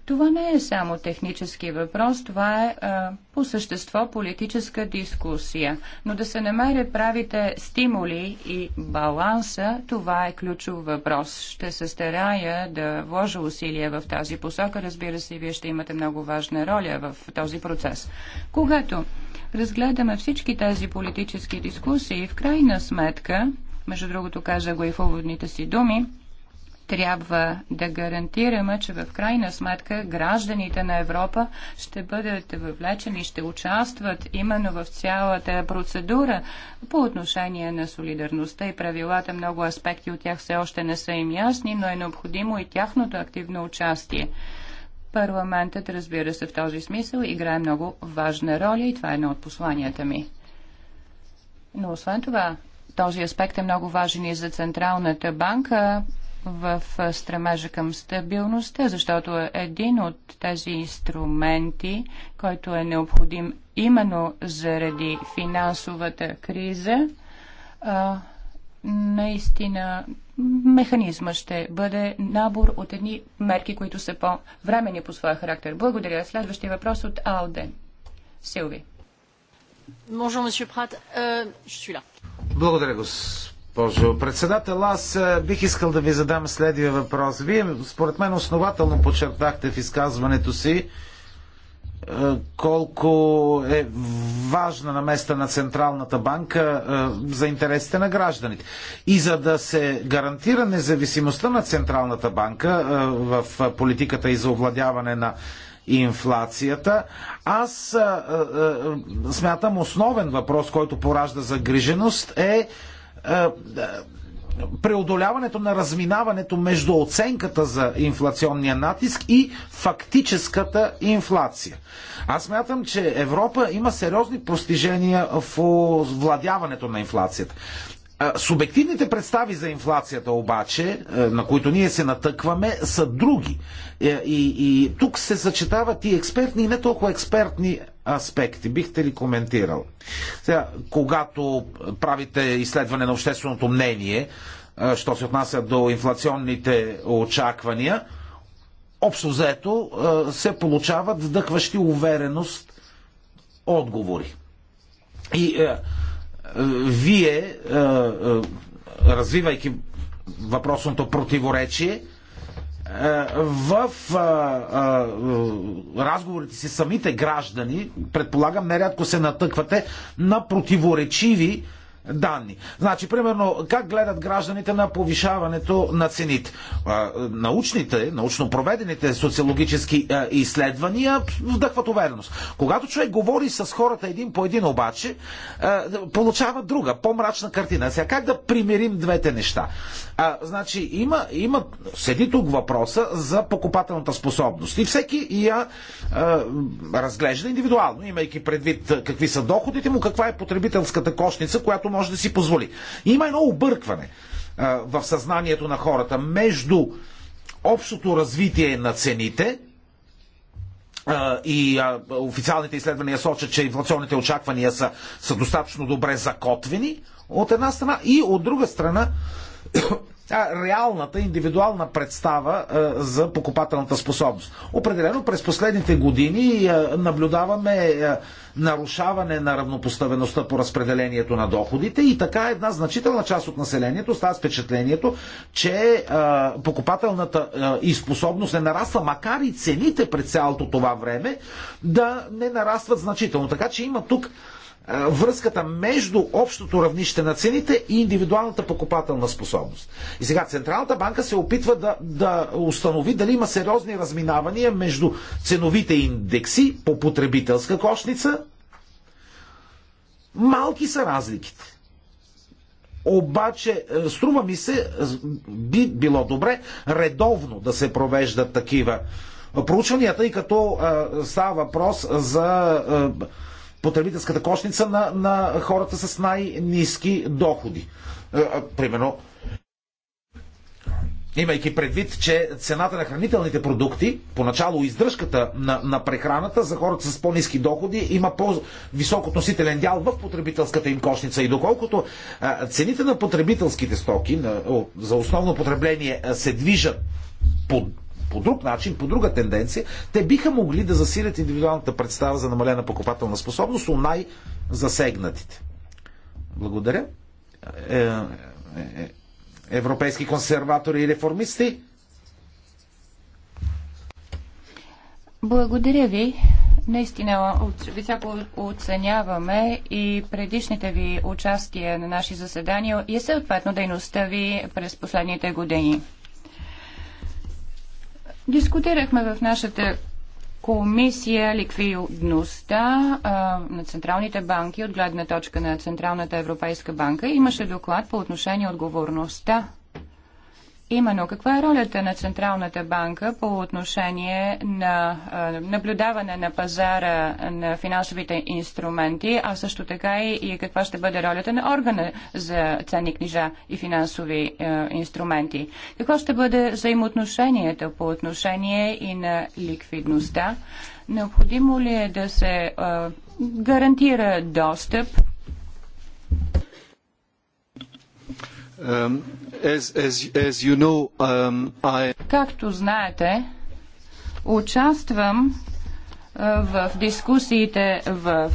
Това не е само технически въпрос, това е а, по същество политическа дискусия. Но да се намерят правите стимули и баланса, това е ключов въпрос. Ще се старая да вложа усилия в тази посока. Разбира се, вие ще имате много важна роля в този процес. Когато разгледаме всички тези политически дискусии, в крайна сметка, между другото каза го и в уводните си думи, трябва да гарантираме, че в крайна сметка гражданите на Европа ще бъдат въвлечени, ще участват именно в цялата процедура по отношение на солидарността и правилата. Много аспекти от тях все още не са им ясни, но е необходимо и тяхното активно участие. Парламентът, разбира се, в този смисъл играе много важна роля и това е едно от посланията ми. Но освен това, този аспект е много важен и за Централната банка в стремежа към стабилността, защото един от тези инструменти, който е необходим именно заради финансовата криза, наистина механизма ще бъде набор от едни мерки, които са по-времени по своя характер. Благодаря. Следващия въпрос от Алден Силви. Bonjour, monsieur Prat. Euh, je suis là. Благодаря, господин госпожо председател. Аз е, бих искал да ви задам следния въпрос. Вие, според мен, основателно подчертахте в изказването си е, колко е важна наместа на Централната банка е, за интересите на гражданите. И за да се гарантира независимостта на Централната банка в политиката и за овладяване на инфлацията. Аз смятам основен въпрос, който поражда загриженост е е, е, преодоляването на разминаването между оценката за инфлационния натиск и фактическата инфлация. Аз мятам, че Европа има сериозни постижения в владяването на инфлацията. Е, субективните представи за инфлацията обаче, на които ние се натъкваме, са други. И, и тук се съчетават и експертни, и не толкова експертни аспекти. Бихте ли коментирал? Сега, когато правите изследване на общественото мнение, що се отнася до инфлационните очаквания, общо взето се получават вдъхващи увереност отговори. И е, е, вие, е, е, развивайки въпросното противоречие, е, в а, а, разговорите си самите граждани, предполагам, нерядко се натъквате на противоречиви данни. Значи, примерно, как гледат гражданите на повишаването на цените? Научните, научно проведените социологически изследвания вдъхват увереност. Когато човек говори с хората един по един обаче, получава друга, по-мрачна картина. Сега как да примирим двете неща? А, значи, има, има, седи тук въпроса за покупателната способност. И всеки я а, е, разглежда индивидуално, имайки предвид е, какви са доходите му, каква е потребителската кошница, която може да си позволи. има едно объркване а, е, в съзнанието на хората между общото развитие на цените, и а, официалните изследвания сочат, че инфлационните очаквания са, са достатъчно добре закотвени от една страна и от друга страна е реалната индивидуална представа е, за покупателната способност. Определено през последните години е, наблюдаваме нарушаване на равнопоставеността по разпределението на доходите и така една значителна част от населението става впечатлението, че покупателната и способност не нараства макар и цените през цялото това време да не нарастват значително. Така че има тук връзката между общото равнище на цените и индивидуалната покупателна способност. И сега Централната банка се опитва да, да установи дали има сериозни разминавания между ценовите индекси по потребителска кошница. Малки са разликите. Обаче, е, струва ми се, е, би било добре редовно да се провеждат такива проучвания, тъй като е, става въпрос за потребителската кошница на, на хората с най-низки доходи. Е, примерно, Имайки предвид, че цената на хранителните продукти, поначало издръжката на, на прехраната за хората с по-низки доходи има по-висок относителен дял в потребителската им кошница. И доколкото е, цените на потребителските стоки на, за основно потребление е, се движат по по друг начин, по друга тенденция, те биха могли да засилят индивидуалната представа за намалена покупателна способност у най-засегнатите. Благодаря. Е, е, е европейски консерватори и реформисти. Благодаря ви. Наистина високо оценяваме и предишните ви участия на наши заседания и съответно дейността ви през последните години. Дискутирахме в нашата комисия ликвидността а, на централните банки от гледна точка на Централната европейска банка. Имаше доклад по отношение отговорността Именно каква е ролята на Централната банка по отношение на наблюдаване на пазара на финансовите инструменти, а също така и каква ще бъде ролята на органа за ценни книжа и финансови инструменти? Какво ще бъде взаимоотношението по отношение и на ликвидността? Необходимо ли е да се гарантира достъп Um, um, Както знаете, участвам в дискусиите в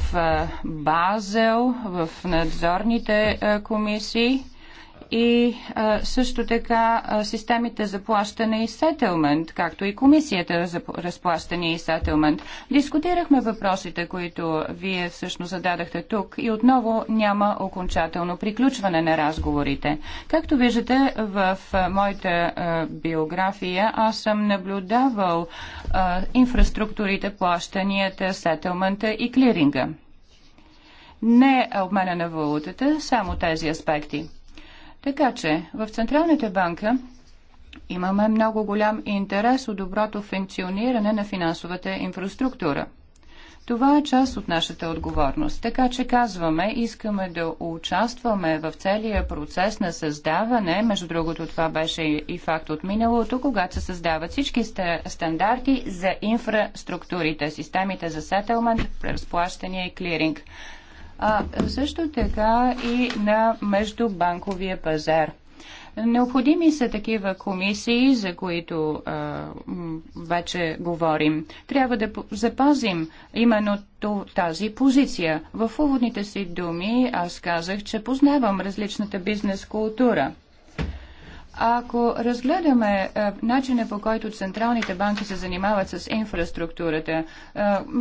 Базел, в надзорните комисии и а, също така а, системите за плащане и сетълмент, както и комисията за разплащане и сетълмент. Дискутирахме въпросите, които вие всъщност зададахте тук и отново няма окончателно приключване на разговорите. Както виждате в а, моята а, биография, аз съм наблюдавал а, инфраструктурите, плащанията, сетълмента и клиринга. Не обмена на валутата, само тези аспекти. Така че в Централната банка имаме много голям интерес от доброто функциониране на финансовата инфраструктура. Това е част от нашата отговорност. Така че казваме, искаме да участваме в целия процес на създаване. Между другото, това беше и факт от миналото, когато се създават всички стандарти за инфраструктурите, системите за сетълмент, разплащане и клиринг а също така и на междубанковия пазар. Необходими са такива комисии, за които а, вече говорим. Трябва да запазим именно тази позиция. В уводните си думи аз казах, че познавам различната бизнес култура. Ако разгледаме е, начина по който централните банки се занимават с инфраструктурата, е,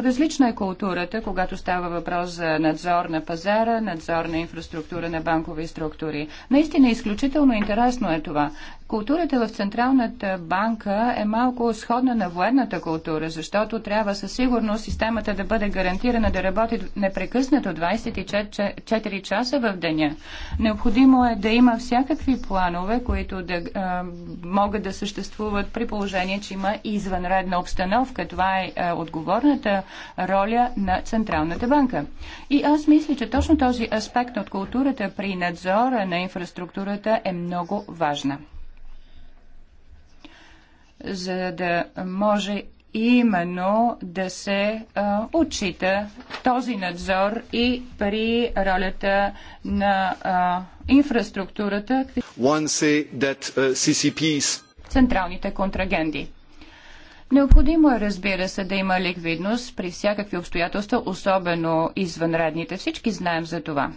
различна е културата, когато става въпрос за надзор на пазара, надзор на инфраструктура на банкови структури. Наистина изключително интересно е това. Културата в Централната банка е малко сходна на военната култура, защото трябва със сигурност системата да бъде гарантирана да работи непрекъснато 24 часа в деня. Необходимо е да има всякакви планове, които да а, могат да съществуват при положение, че има извънредна обстановка. Това е а, отговорната роля на Централната банка. И аз мисля, че точно този аспект от културата при надзора на инфраструктурата е много важна за да може именно да се а, отчита този надзор и при ролята на а, инфраструктурата, uh, централните контрагенди. Необходимо е, разбира се, да има ликвидност при всякакви обстоятелства, особено извънредните. Всички знаем за това.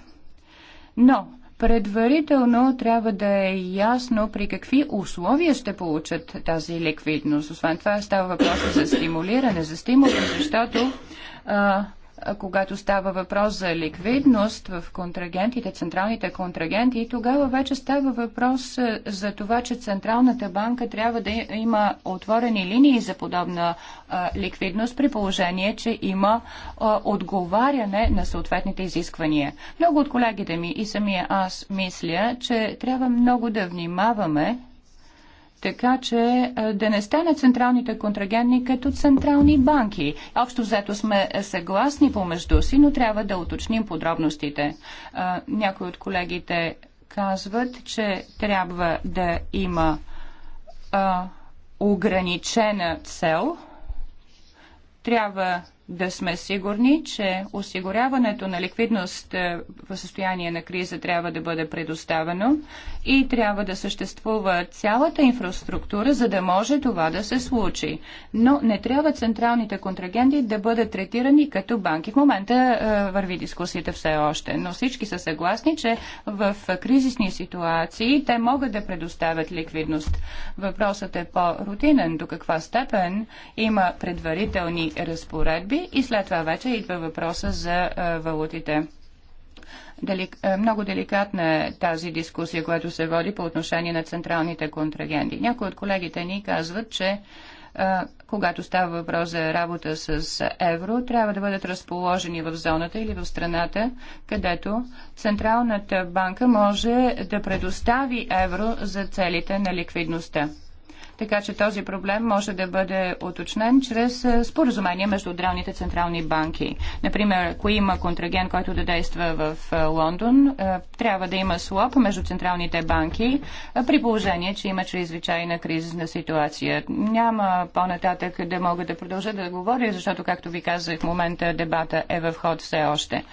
Но Предварително трябва да е ясно при какви условия ще получат тази ликвидност. Освен това става въпрос за стимулиране, за стимул, защото а, когато става въпрос за ликвидност в контрагентите, централните контрагенти, и тогава вече става въпрос за това, че Централната банка трябва да има отворени линии за подобна а, ликвидност при положение, че има а, отговаряне на съответните изисквания. Много от колегите ми и самия аз мисля, че трябва много да внимаваме така че е, да не стане централните контрагенни като централни банки. Общо взето сме съгласни помежду си, но трябва да уточним подробностите. Е, някои от колегите казват, че трябва да има е, ограничена цел. Трябва да сме сигурни, че осигуряването на ликвидност е, в състояние на криза трябва да бъде предоставено и трябва да съществува цялата инфраструктура, за да може това да се случи. Но не трябва централните контрагенти да бъдат третирани като банки. В момента е, върви дискусията все още, но всички са съгласни, че в кризисни ситуации те могат да предоставят ликвидност. Въпросът е по-рутинен, до каква степен има предварителни разпоредби, и след това вече идва въпроса за валутите. Делик, много деликатна е тази дискусия, която се води по отношение на централните контрагенти. Някои от колегите ни казват, че когато става въпрос за работа с евро, трябва да бъдат разположени в зоната или в страната, където Централната банка може да предостави евро за целите на ликвидността. Така че този проблем може да бъде уточнен чрез е, споразумение между отделните централни банки. Например, ако има контрагент, който да действа в е, Лондон, е, трябва да има слоп между централните банки, при положение, че има чрезвичайна кризисна ситуация. Няма по-нататък да мога да продължа да говоря, защото, както ви казах, в момента дебата е в ход все още.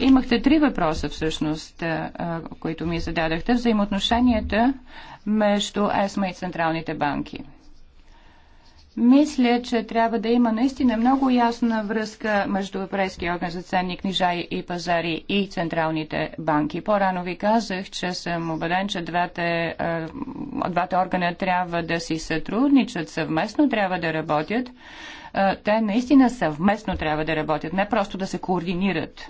Имахте три въпроса всъщност, които ми зададахте. Взаимоотношенията между ЕСМА и централните банки. Мисля, че трябва да има наистина много ясна връзка между Европейския орган за ценни книжа и пазари и централните банки. По-рано ви казах, че съм убеден, че двете, е, двата органа трябва да си сътрудничат съвместно, трябва да работят. Е, те наистина съвместно трябва да работят, не просто да се координират.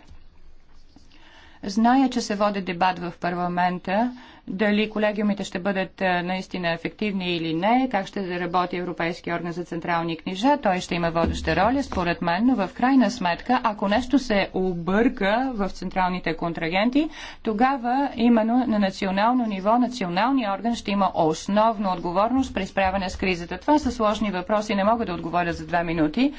Зная, че се води дебат в парламента, дали колегиумите ще бъдат наистина ефективни или не, как ще работи Европейския орган за централни книжа, той ще има водеща роля, според мен, но в крайна сметка, ако нещо се обърка в централните контрагенти, тогава именно на национално ниво националния орган ще има основна отговорност при справяне с кризата. Това са сложни въпроси, не мога да отговоря за две минути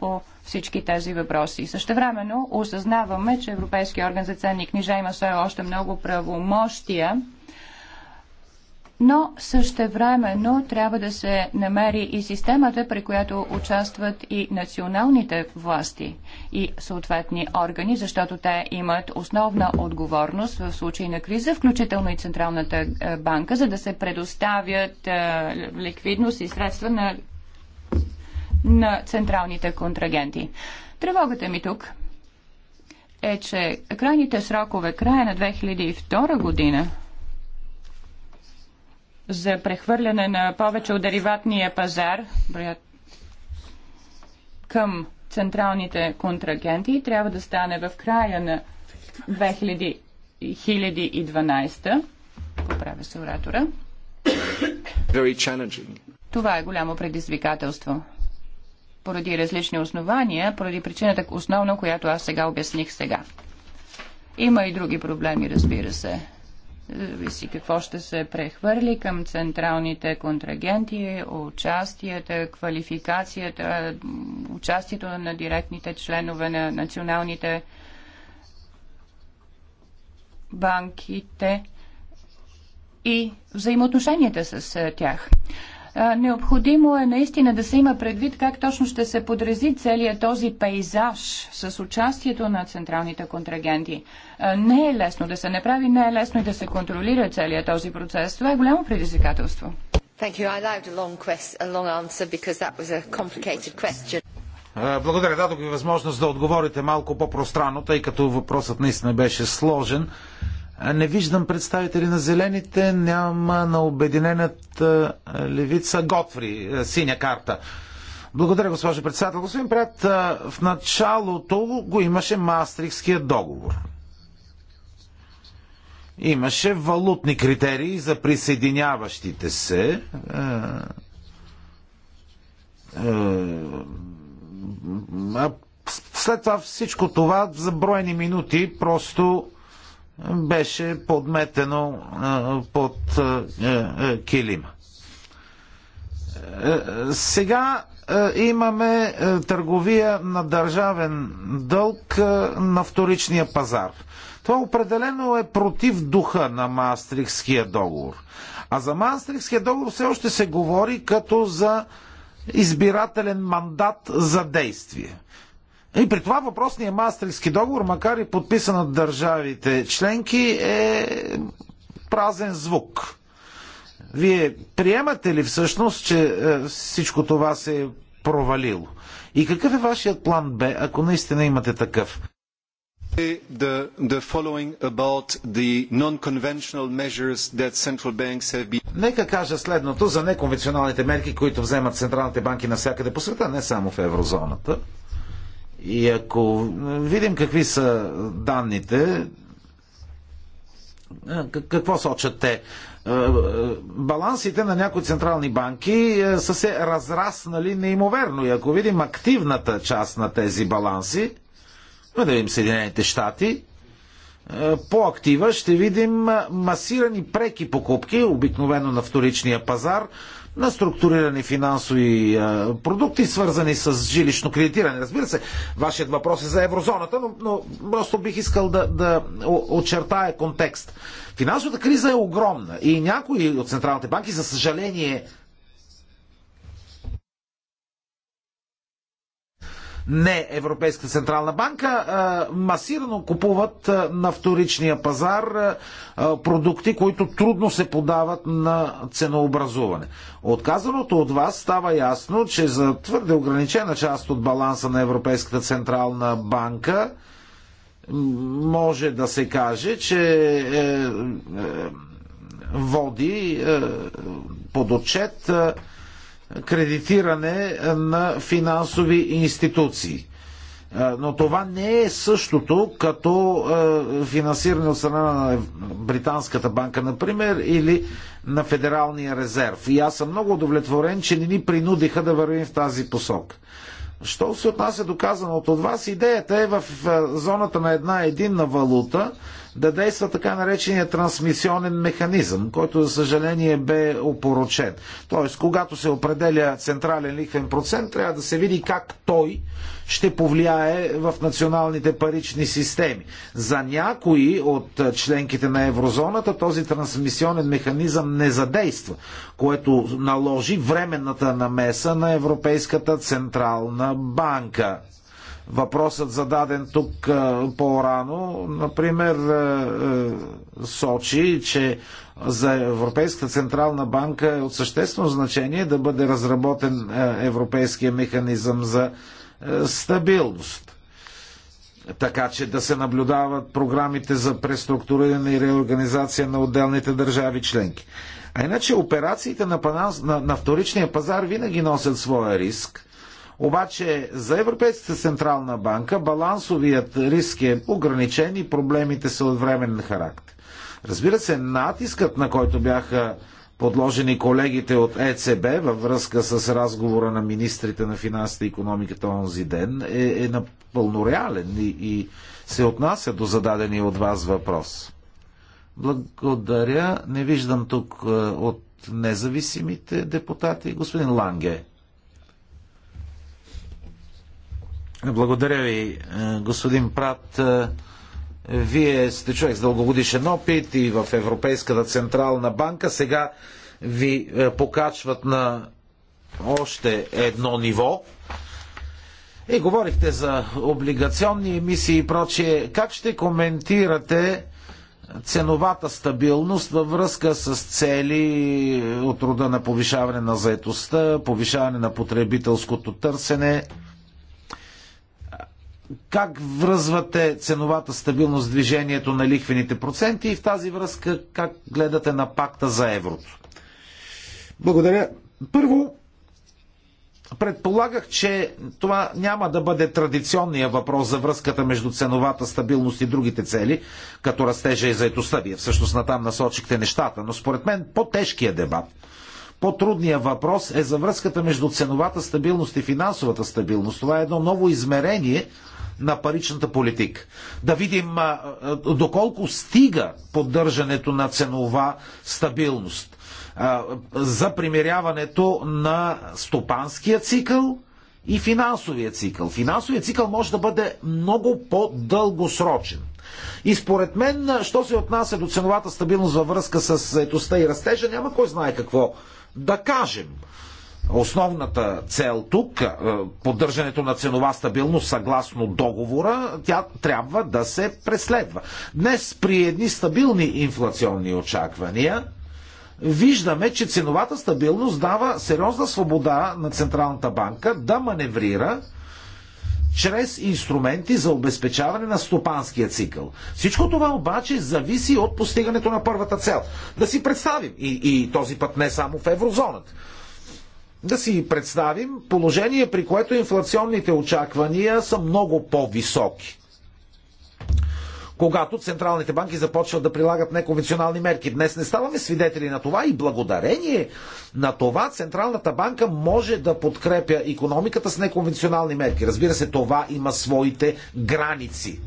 по всички тези въпроси. времено осъзнаваме, че Европейския орган за ценни книжа има все още много правомощия, но времено трябва да се намери и системата, при която участват и националните власти и съответни органи, защото те имат основна отговорност в случай на криза, включително и Централната е, банка, за да се предоставят е, ликвидност и средства на на централните контрагенти. Тревогата ми тук е, че крайните срокове, края на 2002 година, за прехвърляне на повече от дериватния пазар към централните контрагенти трябва да стане в края на 2012. Поправя се оратора. Това е голямо предизвикателство поради различни основания, поради причината основно, която аз сега обясних сега. Има и други проблеми, разбира се. Зависи какво ще се прехвърли към централните контрагенти, участията, квалификацията, участието на директните членове на националните банките и взаимоотношенията с е, тях. Необходимо е наистина да се има предвид как точно ще се подрази целият този пейзаж с участието на централните контрагенти. Не е лесно да се направи, не е лесно и да се контролира целият този процес. Това е голямо предизвикателство. Благодаря. Дадох ви възможност да отговорите малко по-пространно, тъй като въпросът наистина беше сложен. Не виждам представители на зелените, няма на обединената левица Готфри, синя карта. Благодаря, госпожо председател. Господин Прят, в началото го имаше мастрихския договор. Имаше валутни критерии за присъединяващите се. След това всичко това за броени минути просто беше подметено под килима. Е, сега имаме търговия на държавен дълг на вторичния пазар. Това определено е против духа на Маастрихския договор. А за Маастрихския договор все още се говори като за избирателен мандат за действие. И при това въпросният мастерски договор, макар и подписан от държавите членки, е празен звук. Вие приемате ли всъщност, че е, всичко това се е провалило? И какъв е вашият план Б, ако наистина имате такъв? Е, the, the following about the non-conventional measures that central banks have been... Нека кажа следното за неконвенционалните мерки, които вземат централните банки навсякъде по света, не само в еврозоната. И ако видим какви са данните, какво сочат те? Балансите на някои централни банки са се разраснали неимоверно. И ако видим активната част на тези баланси, да видим Съединените щати, по актива ще видим масирани преки покупки, обикновено на вторичния пазар, на структурирани финансови продукти, свързани с жилищно кредитиране. Разбира се, вашият въпрос е за еврозоната, но, но просто бих искал да, да очертая контекст. Финансовата криза е огромна и някои от централните банки, за съжаление, не Европейска централна банка, масирано купуват на вторичния пазар продукти, които трудно се подават на ценообразуване. Отказаното от вас става ясно, че за твърде ограничена част от баланса на Европейската централна банка може да се каже, че е, е, води е, под отчет кредитиране на финансови институции. Но това не е същото като финансиране от страна на Британската банка, например, или на Федералния резерв. И аз съм много удовлетворен, че не ни принудиха да вървим в тази посока. Що се отнася до казаното от вас, идеята е в зоната на една единна валута да действа така наречения трансмисионен механизъм, който за съжаление бе опорочен. Тоест, когато се определя централен лихвен процент, трябва да се види как той ще повлияе в националните парични системи. За някои от членките на еврозоната този трансмисионен механизъм не задейства, което наложи временната намеса на Европейската централна банка въпросът зададен тук по-рано, например, сочи, че за Европейската централна банка е от съществено значение да бъде разработен европейския механизъм за стабилност. Така че да се наблюдават програмите за преструктуриране и реорганизация на отделните държави членки. А иначе операциите на, на, на вторичния пазар винаги носят своя риск обаче за Европейската централна банка балансовият риск е ограничен и проблемите са от временен характер. Разбира се, натискът, на който бяха подложени колегите от ЕЦБ във връзка с разговора на министрите на финансите и економиката онзи ден е, е напълно реален и, и се отнася до зададения от вас въпрос. Благодаря. Не виждам тук е, от независимите депутати господин Ланге. Благодаря ви, е, господин Прат. Е, вие сте човек с дългогодишен опит и в Европейската централна банка. Сега ви е, покачват на още едно ниво. И говорихте за облигационни емисии и прочие. Как ще коментирате ценовата стабилност във връзка с цели от рода на повишаване на заетостта, повишаване на потребителското търсене? как връзвате ценовата стабилност с движението на лихвените проценти и в тази връзка как гледате на пакта за еврото? Благодаря. Първо, предполагах, че това няма да бъде традиционния въпрос за връзката между ценовата стабилност и другите цели, като растежа и заетостта. Вие всъщност натам насочихте нещата, но според мен по-тежкият дебат – по-трудният въпрос е за връзката между ценовата стабилност и финансовата стабилност. Това е едно ново измерение на паричната политика. Да видим а, доколко стига поддържането на ценова стабилност а, за примиряването на стопанския цикъл и финансовия цикъл. Финансовия цикъл може да бъде много по-дългосрочен. И според мен, що се отнася до ценовата стабилност във връзка с етостта и растежа, няма кой знае какво да кажем, основната цел тук, е, поддържането на ценова стабилност съгласно договора, тя трябва да се преследва. Днес при едни стабилни инфлационни очаквания, виждаме, че ценовата стабилност дава сериозна свобода на Централната банка да маневрира чрез инструменти за обезпечаване на стопанския цикъл. Всичко това обаче зависи от постигането на първата цел. Да си представим, и, и този път не само в еврозоната, да си представим положение, при което инфлационните очаквания са много по-високи когато централните банки започват да прилагат неконвенционални мерки. Днес не ставаме свидетели на това и благодарение на това Централната банка може да подкрепя економиката с неконвенционални мерки. Разбира се, това има своите граници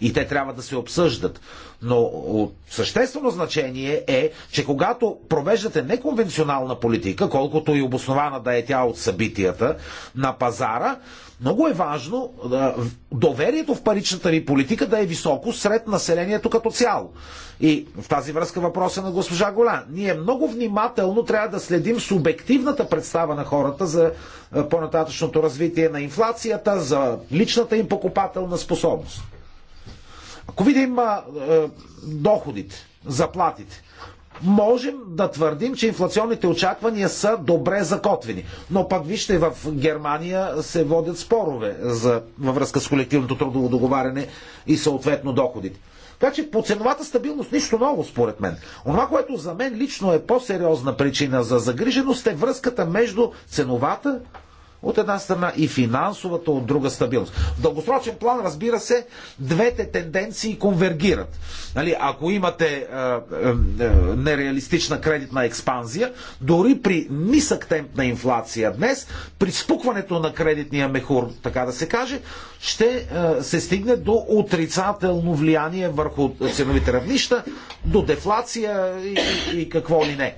и те трябва да се обсъждат. Но от съществено значение е, че когато провеждате неконвенционална политика, колкото и обоснована да е тя от събитията на пазара, много е важно да, доверието в паричната ви политика да е високо сред населението като цяло. И в тази връзка въпроса на госпожа Голян. Ние много внимателно трябва да следим субективната представа на хората за е, по-нататъчното развитие на инфлацията, за личната им покупателна способност. Ако видим а, а, е, доходите, заплатите, можем да твърдим, че инфлационните очаквания са добре закотвени. Но пък вижте, в Германия се водят спорове за, във връзка с колективното трудово договаряне и съответно доходите. Така че по ценовата стабилност нищо ново, според мен. Онова, което за мен лично е по-сериозна причина за загриженост е връзката между ценовата от една страна и финансовата от друга стабилност. В дългосрочен план, разбира се, двете тенденции конвергират. Нали, ако имате е, е, е, нереалистична кредитна експанзия, дори при нисък темп на инфлация днес, при спукването на кредитния мехур, така да се каже, ще е, се стигне до отрицателно влияние върху ценовите равнища, до дефлация и, и, и какво ли не.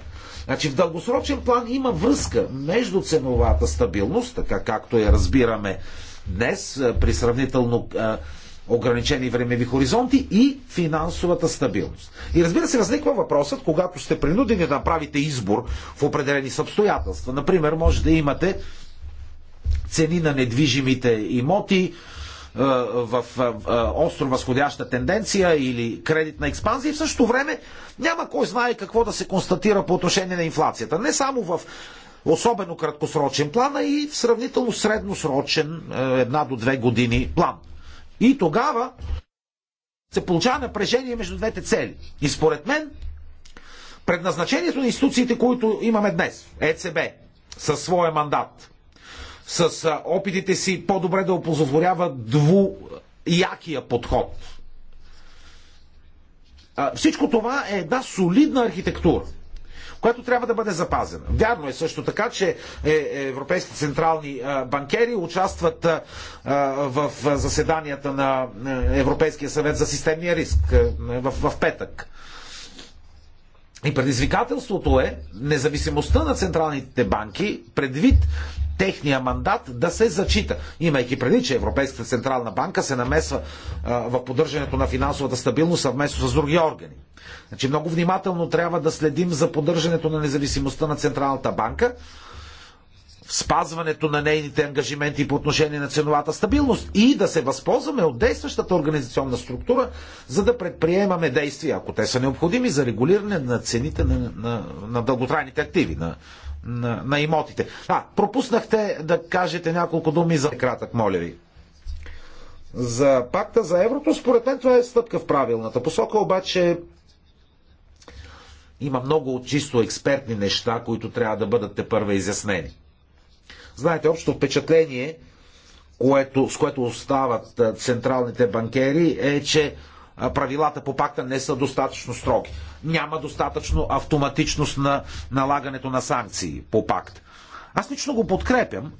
Значи в дългосрочен план има връзка между ценовата стабилност, така както я разбираме днес при сравнително ограничени времеви хоризонти и финансовата стабилност. И разбира се, възниква въпросът, когато сте принудени да направите избор в определени обстоятелства. Например, може да имате цени на недвижимите имоти, в остро възходяща тенденция или кредитна експанзия и в същото време няма кой знае какво да се констатира по отношение на инфлацията. Не само в особено краткосрочен план, а и в сравнително средносрочен, една до две години план. И тогава се получава напрежение между двете цели. И според мен, предназначението на институциите, които имаме днес, ЕЦБ, със своя мандат, с опитите си по-добре да опозотворява двуякия подход. Всичко това е една солидна архитектура която трябва да бъде запазена. Вярно е също така, че е, европейските централни банкери участват в заседанията на Европейския съвет за системния риск в петък. И предизвикателството е независимостта на централните банки предвид техния мандат да се зачита. Имайки преди, че Европейската централна банка се намесва а, в поддържането на финансовата стабилност съвместно с други органи. Значи много внимателно трябва да следим за поддържането на независимостта на Централната банка, спазването на нейните ангажименти по отношение на ценовата стабилност и да се възползваме от действащата организационна структура, за да предприемаме действия, ако те са необходими, за регулиране на цените на, на, на дълготрайните активи, на на, на имотите. А, пропуснахте да кажете няколко думи за кратък, моля ви. За пакта за еврото, според мен това е стъпка в правилната посока, обаче има много чисто експертни неща, които трябва да бъдат те първа изяснени. Знаете, общо впечатление, което, с което остават централните банкери, е, че правилата по пакта не са достатъчно строги. Няма достатъчно автоматичност на налагането на санкции по пакт. Аз лично го подкрепям,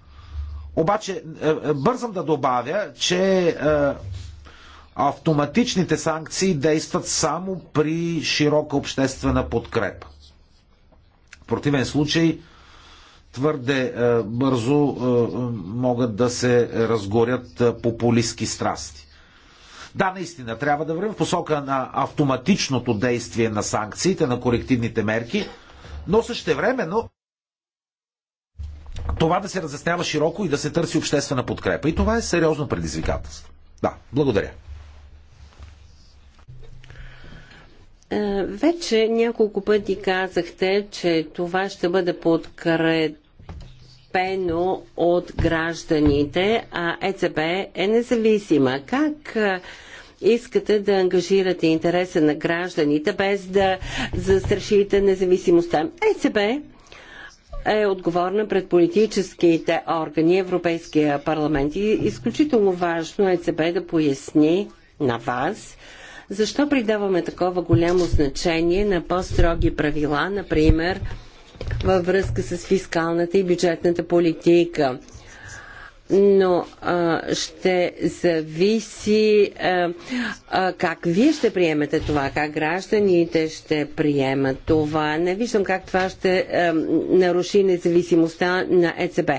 обаче е, е, бързам да добавя, че е, автоматичните санкции действат само при широка обществена подкрепа. В противен случай твърде бързо могат да се разгорят популистски страсти. Да, наистина, трябва да вървим в посока на автоматичното действие на санкциите, на корективните мерки, но също но това да се разяснява широко и да се търси обществена подкрепа. И това е сериозно предизвикателство. Да, благодаря. Е, вече няколко пъти казахте, че това ще бъде подкреп подкрепено от гражданите, а ЕЦБ е независима. Как искате да ангажирате интереса на гражданите, без да застрашите независимостта? ЕЦБ е отговорна пред политическите органи Европейския парламент. И изключително важно е ЕЦБ да поясни на вас, защо придаваме такова голямо значение на по-строги правила, например, във връзка с фискалната и бюджетната политика. Но а, ще зависи а, а, как вие ще приемете това, как гражданите ще приемат това. Не виждам как това ще а, наруши независимостта на ЕЦБ.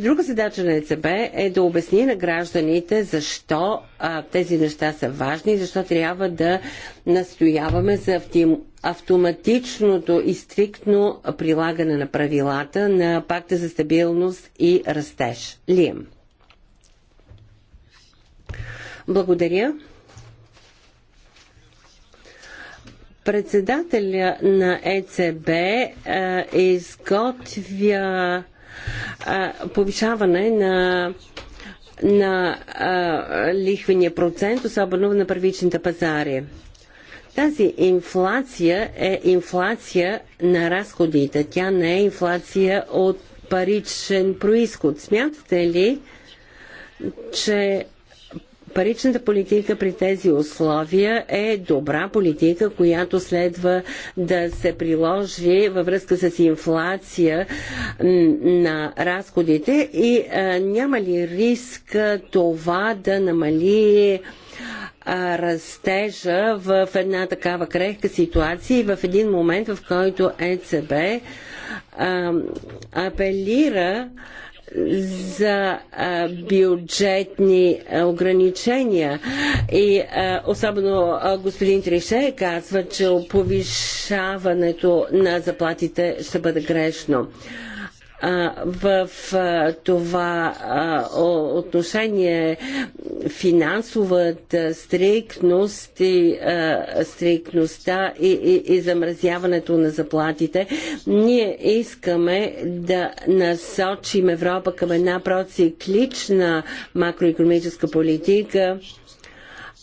Друга задача на ЕЦБ е да обясни на гражданите защо а, тези неща са важни, защо трябва да настояваме за автоматичното и стриктно прилагане на правилата на пакта за стабилност и растеж. Лием. Благодаря. Председателя на ЕЦБ е, изготвя е, повишаване на на е, лихвения процент, особено на първичните пазари. Тази инфлация е инфлация на разходите. Тя не е инфлация от паричен происход. Смятате ли, че паричната политика при тези условия е добра политика, която следва да се приложи във връзка с инфлация на разходите и а, няма ли риск това да намали растежа в една такава крехка ситуация и в един момент, в който ЕЦБ апелира за бюджетни ограничения. И особено господин Трише казва, че повишаването на заплатите ще бъде грешно в това отношение финансовата стрикност и стрикността и, и, и замразяването на заплатите. Ние искаме да насочим Европа към една проциклична макроекономическа политика,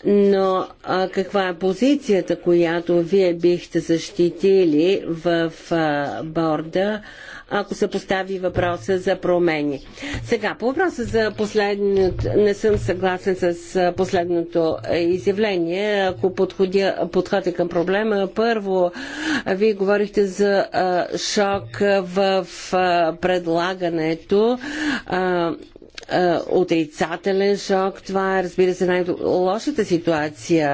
но а, каква е позицията, която вие бихте защитили в а, борда? ако се постави въпроса за промени. Сега, по въпроса за последното, не съм съгласен с последното изявление. Ако подходя, подходя към проблема, първо, вие говорихте за шок в предлагането отрицателен шок. Това е, разбира се, най-лошата ситуация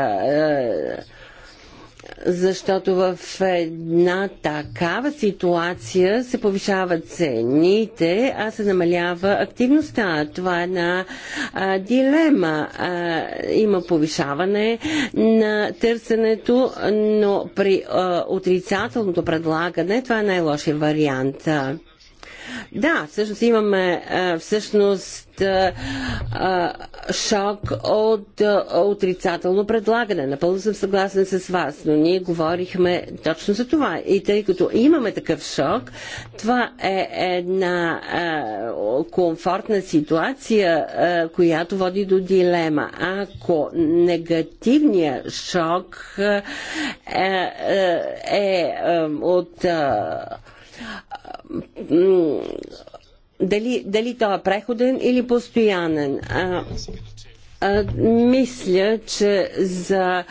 защото в една такава ситуация се повишават цените, а се намалява активността. Това е една а, дилема. А, има повишаване на търсенето, но при а, отрицателното предлагане това е най-лошия вариант. Да, всъщност имаме всъщност шок от отрицателно предлагане. Напълно съм съгласен с вас, но ние говорихме точно за това. И тъй като имаме такъв шок, това е една комфортна ситуация, която води до дилема. Ако негативният шок е, е, е от дали, дали той е преходен или постоянен. А, мисля, че за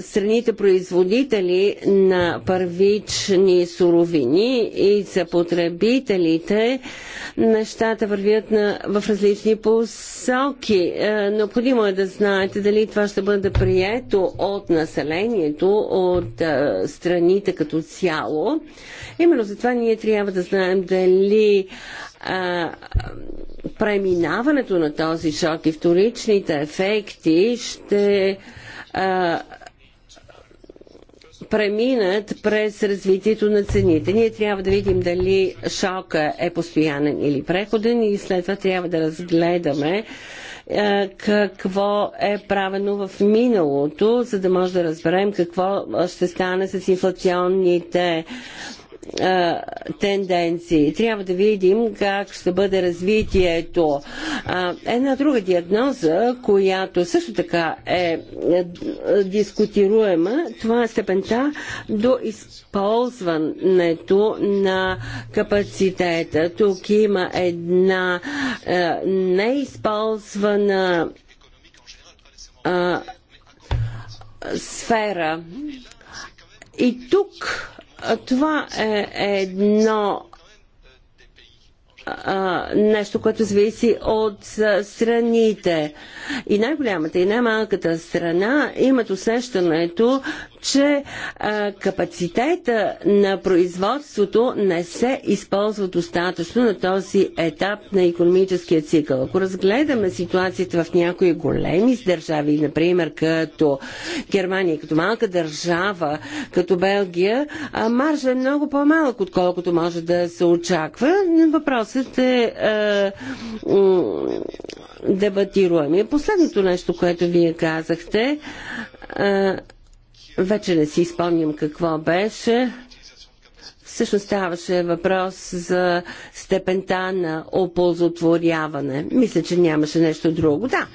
страните производители на първични суровини и за потребителите нещата вървят на, в различни посоки. Необходимо е да знаете дали това ще бъде прието от населението, от страните като цяло. Именно затова ние трябва да знаем дали а, преминаването на този шок и вторичните ефекти ще а, преминат през развитието на цените. Ние трябва да видим дали шока е постоянен или преходен и след това трябва да разгледаме какво е правено в миналото, за да може да разберем какво ще стане с инфлационните тенденции. Трябва да видим как ще бъде развитието. една друга диагноза, която също така е, е дискутируема, това е степента до използването на капацитета. Тук има една е, неизползвана сфера. И тук това е едно нещо, което зависи от страните. И най-голямата и най-малката страна имат усещането, че а, е, капацитета на производството не се използва достатъчно на този етап на економическия цикъл. Ако разгледаме ситуацията в някои големи държави, например като Германия, като малка държава, като Белгия, а, маржа е много по-малък, отколкото може да се очаква. Въпросът е а, е, дебатируем. И последното нещо, което вие казахте, а, е, вече не си спомням какво беше. Всъщност ставаше въпрос за степента на оползотворяване. Мисля, че нямаше нещо друго. Да.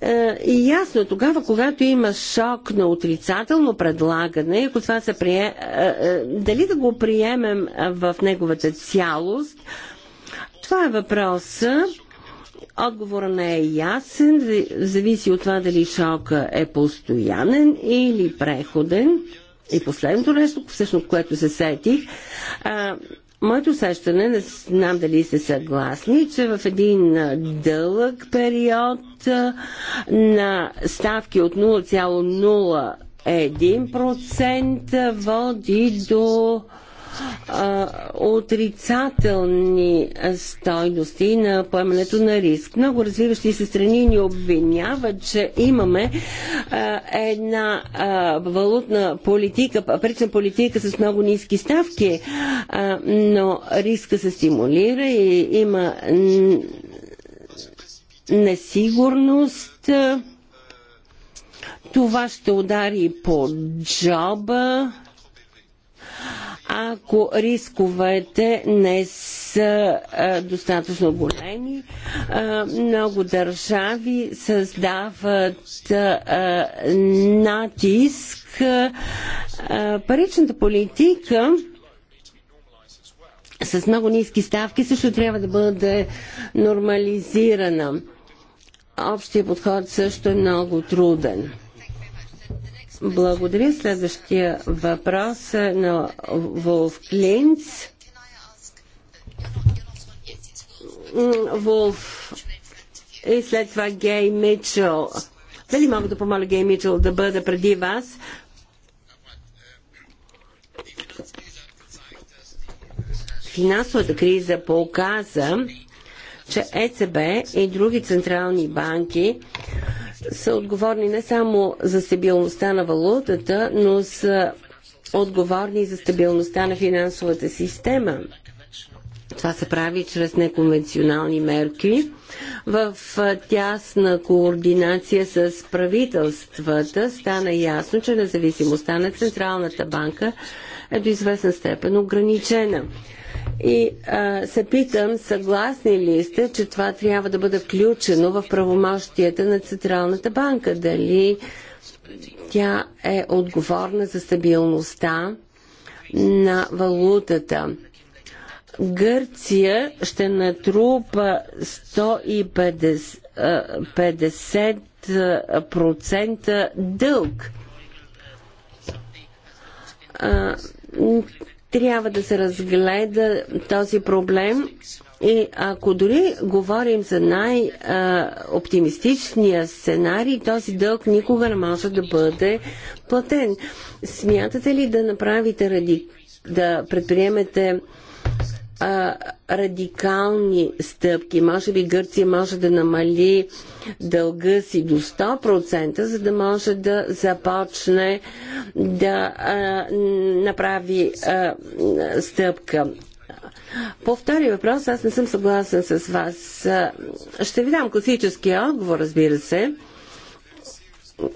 Е, и ясно, тогава, когато има шок на отрицателно предлагане, ако това се прие... Е, е, дали да го приемем в неговата цялост, това е въпроса Отговорът не е ясен, зависи от това дали шалка е постоянен или преходен. И последното нещо, всъщност, което се сетих, а, моето усещане, не знам дали сте съгласни, че в един дълъг период на ставки от 0,01% води до а, отрицателни стойности на поемането на риск. Много развиващи се страни ни обвиняват, че имаме а, една а, валутна политика, парична политика с много ниски ставки, а, но риска се стимулира и има несигурност. Това ще удари по джоба ако рисковете не са а, достатъчно големи. А, много държави създават а, натиск. А, паричната политика с много ниски ставки също трябва да бъде нормализирана. Общия подход също е много труден. Благодаря. Следващия въпрос е на Волф Клинц. Волф и след това Гей Митчел. Дали мога да помоля Гей Митчел да бъде преди вас? Финансовата криза показа, че ЕЦБ и други централни банки са отговорни не само за стабилността на валутата, но са отговорни за стабилността на финансовата система. Това се прави чрез неконвенционални мерки в тясна координация с правителствата. Стана ясно, че независимостта на Централната банка е до известна степен ограничена. И а, се питам, съгласни ли сте, че това трябва да бъде включено в правомощията на Централната банка? Дали тя е отговорна за стабилността на валутата? Гърция ще натрупа 150% дълг трябва да се разгледа този проблем и ако дори говорим за най-оптимистичния сценарий, този дълг никога не може да бъде платен. Смятате ли да направите ради, да предприемете а, радикални стъпки. Може би Гърция може да намали дълга си до 100%, за да може да започне да а, направи а, стъпка. По втори въпрос, аз не съм съгласен с вас. Ще ви дам класическия отговор, разбира се.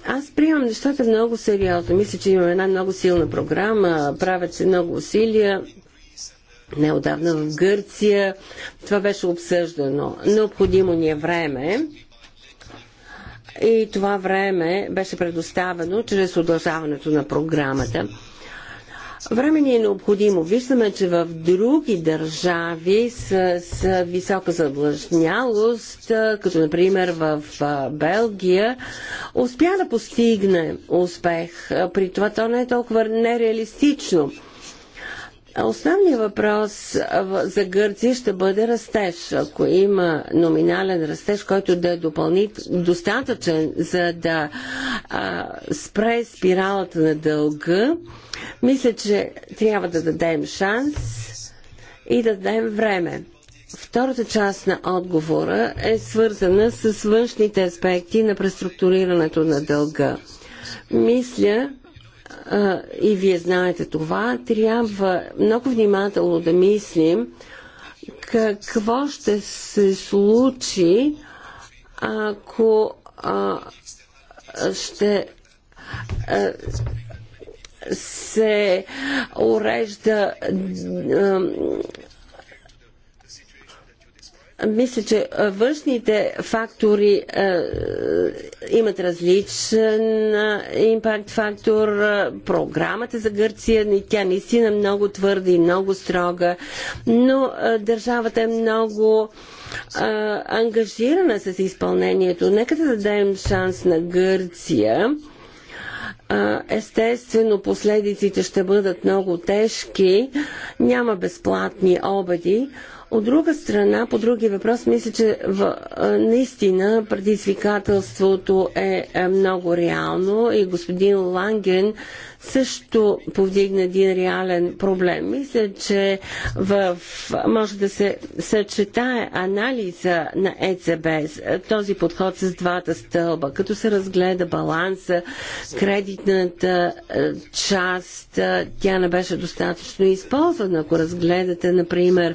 Аз приемам нещата много сериозно. Мисля, че имаме една много силна програма, правят се много усилия неодавна в Гърция. Това беше обсъждано. Необходимо ни е време. И това време беше предоставено чрез удължаването на програмата. Време ни е необходимо. Виждаме, че в други държави с, с висока задлъжнялост, като например в Белгия, успя да постигне успех. При това то не е толкова нереалистично. Основният въпрос за Гърция ще бъде растеж. Ако има номинален растеж, който да е допълнит, достатъчен, за да а, спре спиралата на дълга, мисля, че трябва да дадем шанс и да дадем време. Втората част на отговора е свързана с външните аспекти на преструктурирането на дълга. Мисля, и вие знаете това, трябва много внимателно да мислим какво ще се случи, ако а, ще а, се урежда а, мисля, че външните фактори е, имат различен е, импакт фактор. Е, програмата за Гърция, тя наистина много твърда и много строга, но е, държавата е много е, ангажирана с изпълнението. Нека да дадем шанс на Гърция. Е, естествено, последиците ще бъдат много тежки. Няма безплатни обеди, от друга страна, по други въпрос, мисля, че в, наистина предизвикателството е, е много реално и господин Ланген също повдигна един реален проблем. Мисля, че в, може да се съчетае анализа на ЕЦБ, е, този подход с двата стълба, като се разгледа баланса, кредитната е, част, тя не беше достатъчно използвана. Ако разгледате, например,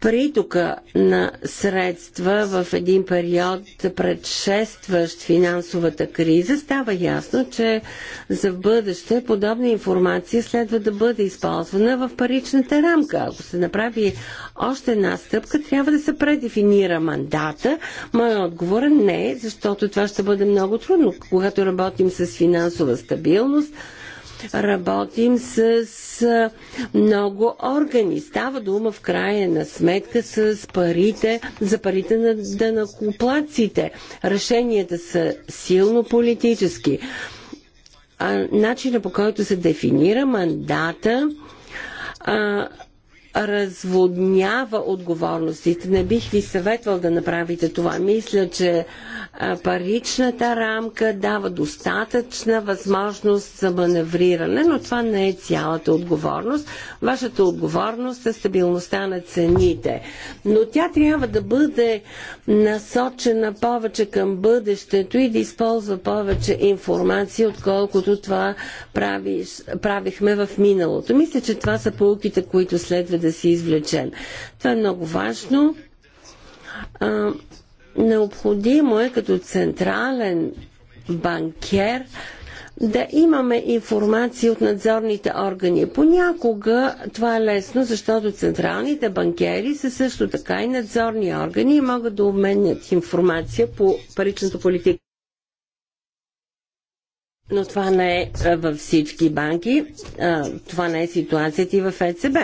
притока на средства в един период, предшестващ финансовата криза, става ясно, че за в бъдеще подобна информация следва да бъде използвана в паричната рамка. Ако се направи още една стъпка, трябва да се предефинира мандата. Моя отговор е не, защото това ще бъде много трудно. Когато работим с финансова стабилност, работим с много органи. Става дума в крайна сметка с парите, за парите на данакоплаците. Решенията са силно политически. А, начина по който се дефинира мандата а, разводнява отговорностите. Не бих ви съветвал да направите това. Мисля, че паричната рамка дава достатъчна възможност за маневриране, но това не е цялата отговорност. Вашата отговорност е стабилността на цените. Но тя трябва да бъде насочена повече към бъдещето и да използва повече информация, отколкото това правиш, правихме в миналото. Мисля, че това са полуките, които следва да си извлечем. Това е много важно Необходимо е като централен банкер да имаме информация от надзорните органи. Понякога това е лесно, защото централните банкери са също така и надзорни органи и могат да обменят информация по паричната политика. Но това не е във всички банки. Това не е ситуацията и в ЕЦБ.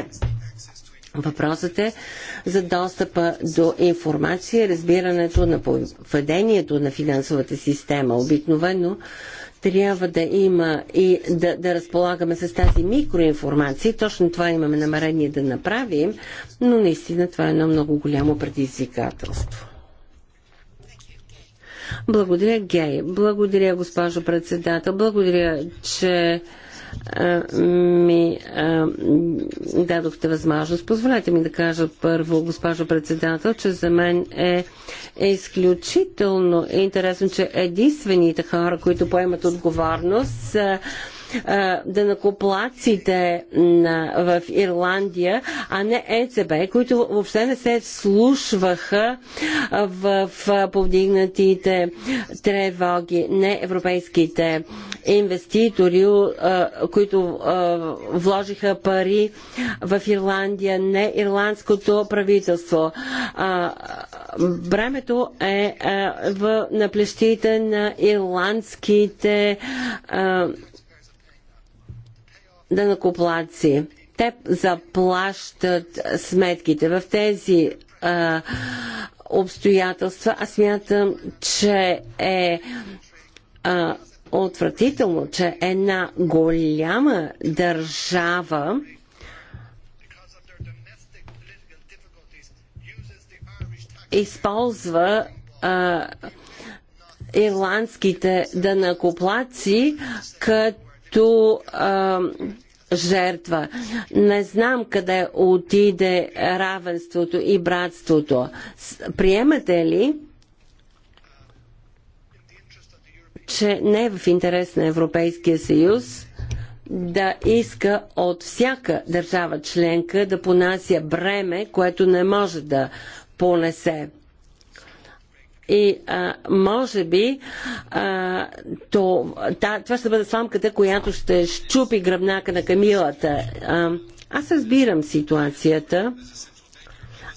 Въпросът е за достъпа до информация, разбирането на поведението на финансовата система. Обикновено трябва да има и да, да разполагаме с тази микроинформация. Точно това имаме намерение да направим, но наистина това е едно много голямо предизвикателство. Благодаря, Гей. Благодаря, госпожо председател. Благодаря, че ми дадохте възможност. Позволете ми да кажа първо, госпожо председател, че за мен е, е изключително интересно, че единствените хора, които поемат отговорност, са данакоплаците в Ирландия, а не ЕЦБ, които въобще не се слушваха в повдигнатите тревоги. Не европейските инвеститори, които вложиха пари в Ирландия, не ирландското правителство. Бремето е на плещите на ирландските Дънакоплаци. Те заплащат сметките. В тези а, обстоятелства аз мятам, че е а, отвратително, че една голяма държава използва а, ирландските дънакоплаци, като като а, жертва. Не знам къде отиде равенството и братството. Приемате ли, че не е в интерес на Европейския съюз да иска от всяка държава членка да понася бреме, което не може да понесе? И а, може би а, то, та, това ще бъде сламката, която ще щупи гръбнака на камилата. А, аз разбирам ситуацията.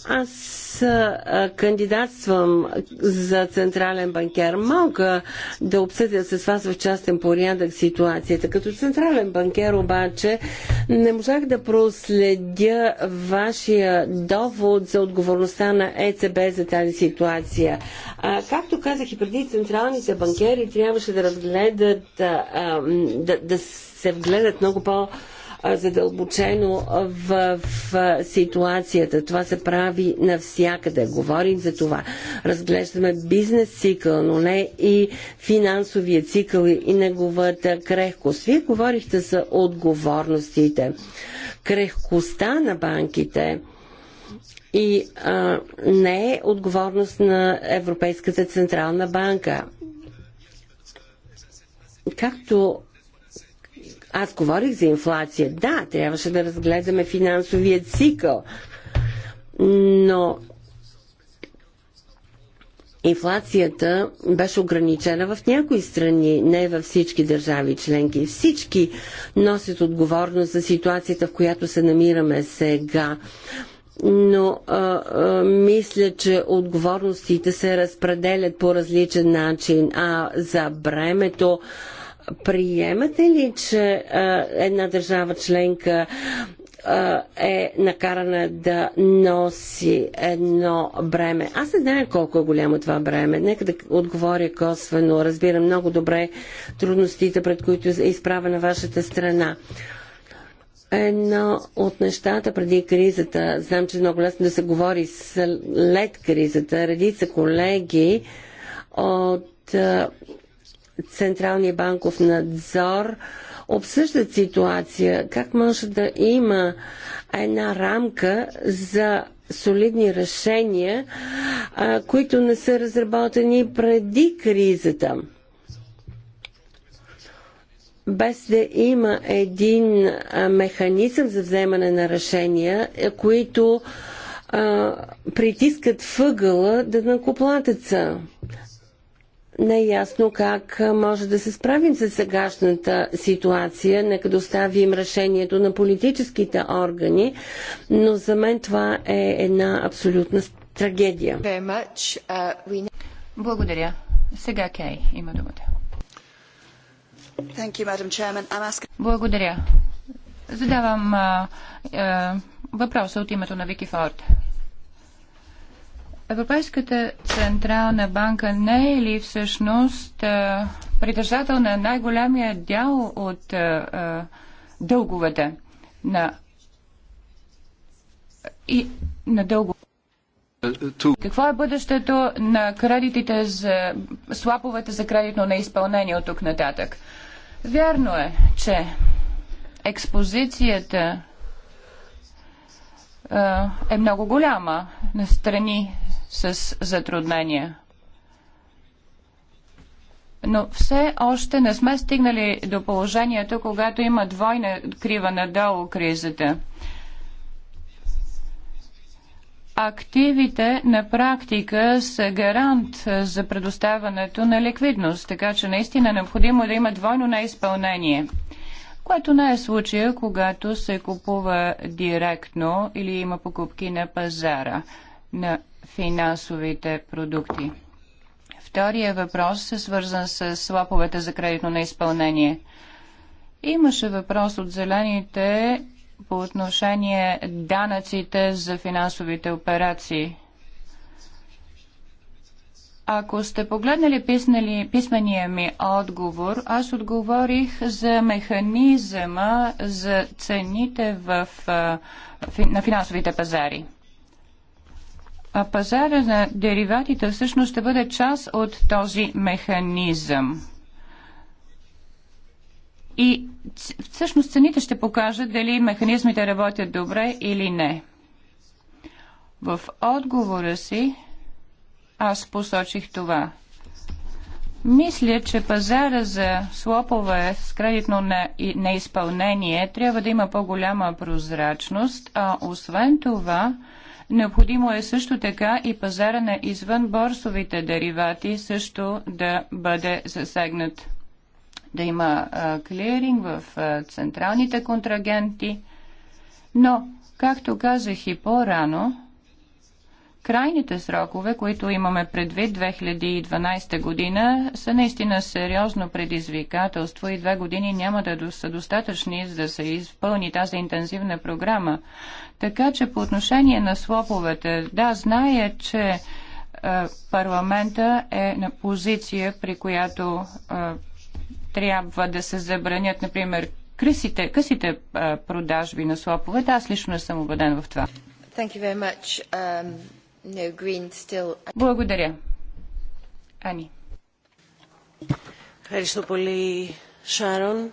Аз аз кандидатствам за централен банкер. Малка да обсъдя с вас в частен порядък ситуацията. Като централен банкер обаче не можах да проследя вашия довод за отговорността на ЕЦБ за тази ситуация. А, както казах и преди, централните банкери трябваше да разгледат, а, да, да се вгледат много по- задълбочено в, в ситуацията. Това се прави навсякъде. Говорим за това. Разглеждаме бизнес цикъл, но не и финансовия цикъл и неговата крехкост. Вие говорихте за отговорностите. Крехкостта на банките и а, не е отговорност на Европейската централна банка. Както аз говорих за инфлация. Да, трябваше да разгледаме финансовия цикъл. Но инфлацията беше ограничена в някои страни, не във всички държави членки. Всички носят отговорност за ситуацията, в която се намираме сега. Но а, а, мисля, че отговорностите се разпределят по различен начин, а за бремето а, Приемате ли, че една държава членка е накарана да носи едно бреме. Аз не знам колко е голямо това бреме. Нека да отговоря косвено. Разбирам много добре трудностите, пред които е изправена вашата страна. Едно от нещата преди кризата, знам, че е много лесно да се говори след кризата, редица колеги от Централния банков надзор обсъждат ситуация, как може да има една рамка за солидни решения, а, които не са разработени преди кризата. Без да има един механизъм за вземане на решения, е, които а, притискат въгъла да накоплатеца не е ясно как може да се справим с сегашната ситуация. Нека оставим решението на политическите органи, но за мен това е една абсолютна трагедия. Благодаря. Сега Кей има думата. Благодаря. Задавам а, а, въпроса от името на Вики Форд. Европейската централна банка не е ли всъщност притежател на най-голямия дял от дълговете на и на дълго. Какво е бъдещето на кредитите за слаповете за кредитно неизпълнение от тук нататък? Вярно е, че експозицията е, е много голяма на страни с затруднения. Но все още не сме стигнали до положението, когато има двойна крива надолу кризата. Активите на практика са гарант за предоставянето на ликвидност, така че наистина е необходимо да има двойно неизпълнение – което не е случая, когато се купува директно или има покупки на пазара на финансовите продукти. Втория въпрос е свързан с слаповете за кредитно на изпълнение. Имаше въпрос от зелените по отношение данъците за финансовите операции. Ако сте погледнали писмения ми отговор, аз отговорих за механизма за цените в, на финансовите пазари. А пазара на дериватите всъщност ще бъде част от този механизъм. И всъщност цените ще покажат дали механизмите работят добре или не. В отговора си аз посочих това. Мисля, че пазара за слопове с кредитно неизпълнение трябва да има по-голяма прозрачност, а освен това, необходимо е също така и пазара на извънборсовите деривати също да бъде засегнат. Да има клиринг в а, централните контрагенти. Но, както казах и по-рано, Крайните срокове, които имаме предвид 2012 година, са наистина сериозно предизвикателство и две години няма да са достатъчни за да се изпълни тази интензивна програма. Така че по отношение на слоповете, да, зная, че е, парламента е на позиция, при която е, трябва да се забранят, например, късите, късите е, продажби на слопове. Да, аз лично не съм убеден в това. Thank you very much. Um... Uh, Благодаря. Ани. Благодаря, Шарон.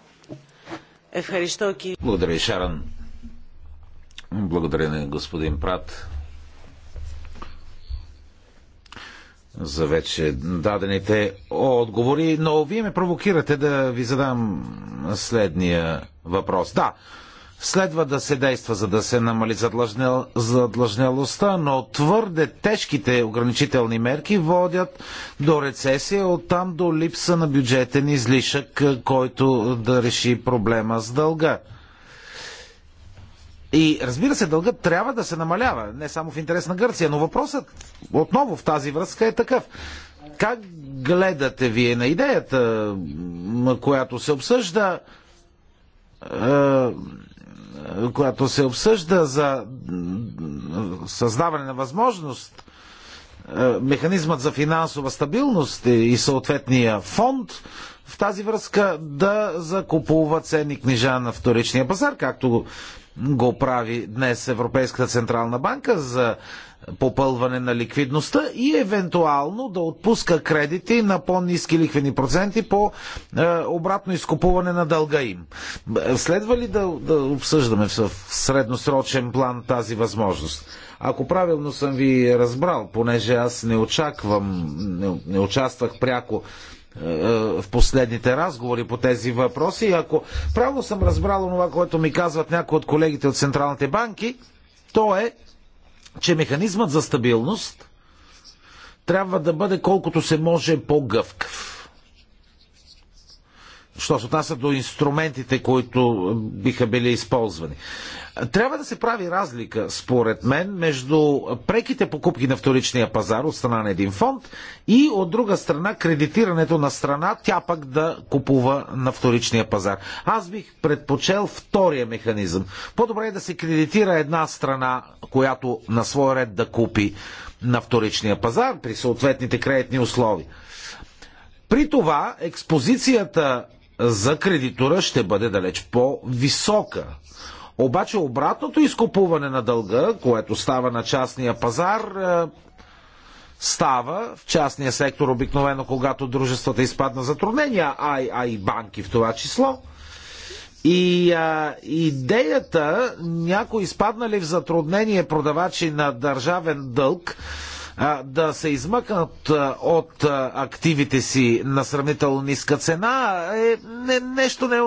Благодаря на господин Прат за вече дадените отговори, но вие ме провокирате да ви задам следния въпрос. Да, Следва да се действа, за да се намали задлъжнялостта, но твърде тежките ограничителни мерки водят до рецесия, оттам до липса на бюджетен излишък, е, който да реши проблема с дълга. И разбира се, дългът трябва да се намалява, не само в интерес на Гърция, но въпросът отново в тази връзка е такъв. Как гледате вие на идеята, която се обсъжда? Е която се обсъжда за създаване на възможност е, механизмът за финансова стабилност и съответния фонд в тази връзка да закупува ценни книжа на вторичния пазар, както го прави днес Европейската Централна банка за попълване на ликвидността и евентуално да отпуска кредити на по-низки ликвени проценти по е, обратно изкупуване на дълга им. Следва ли да, да обсъждаме в средносрочен план тази възможност? Ако правилно съм ви разбрал, понеже аз не очаквам, не, не участвах пряко е, е, в последните разговори по тези въпроси. И ако правилно съм разбрал това, което ми казват някои от колегите от централните банки, то е, че механизмът за стабилност трябва да бъде колкото се може по-гъвкав що се отнася до инструментите, които е, биха били използвани. Трябва да се прави разлика, според мен, между преките покупки на вторичния пазар от страна на един фонд и от друга страна кредитирането на страна, тя пък да купува на вторичния пазар. Аз бих предпочел втория механизъм. По-добре е да се кредитира една страна, която на свой ред да купи на вторичния пазар при съответните кредитни условия. При това експозицията за кредитора ще бъде далеч по-висока. Обаче обратното изкупуване на дълга, което става на частния пазар, е, става в частния сектор обикновено, когато дружествата изпадна затруднения, а, а и банки в това число. И а, идеята някои изпаднали в затруднение продавачи на държавен дълг да се измъкнат от активите си на сравнително ниска цена е нещо не,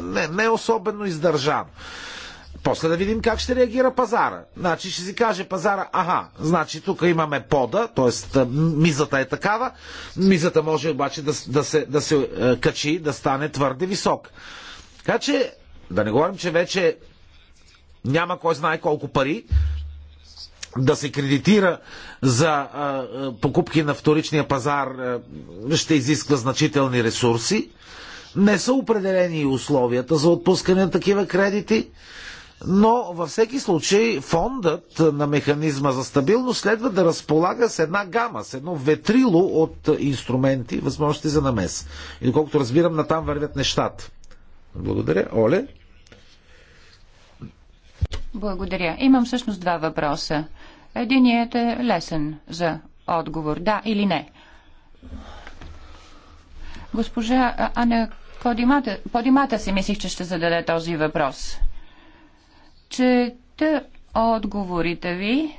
не, не особено издържано. После да видим как ще реагира пазара. Значи ще си каже пазара, аха, значи тук имаме пода, т.е. мизата е такава, мизата може обаче да, да, се, да се е, качи, да стане твърде висок. Така че, да не говорим, че вече няма кой знае колко пари да се кредитира за покупки на вторичния пазар ще изисква значителни ресурси. Не са определени условията за отпускане на такива кредити, но във всеки случай фондът на механизма за стабилност следва да разполага с една гама, с едно ветрило от инструменти, възможности за намес. И доколкото разбирам, натам вървят нещата. Благодаря. Оле? Благодаря. Имам всъщност два въпроса. Единият е лесен за отговор. Да или не. Госпожа Ана Подимата, подимата си мислих, че ще зададе този въпрос. Чета отговорите ви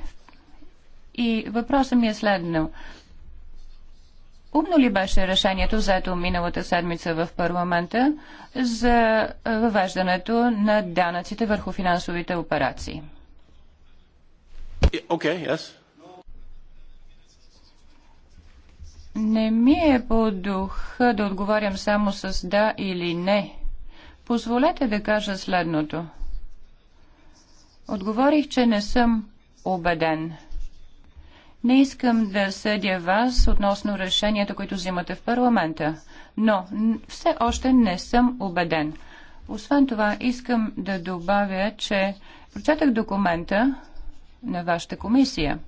и въпросът ми е следно. Умно ли беше решението, заето миналата седмица в парламента, за въвеждането на данъците върху финансовите операции? Okay, yes. Не ми е по дух да отговарям само с да или не. Позволете да кажа следното. Отговорих, че не съм убеден не искам да съдя вас относно решенията, които взимате в парламента, но все още не съм убеден. Освен това, искам да добавя, че прочетах документа на вашата комисия.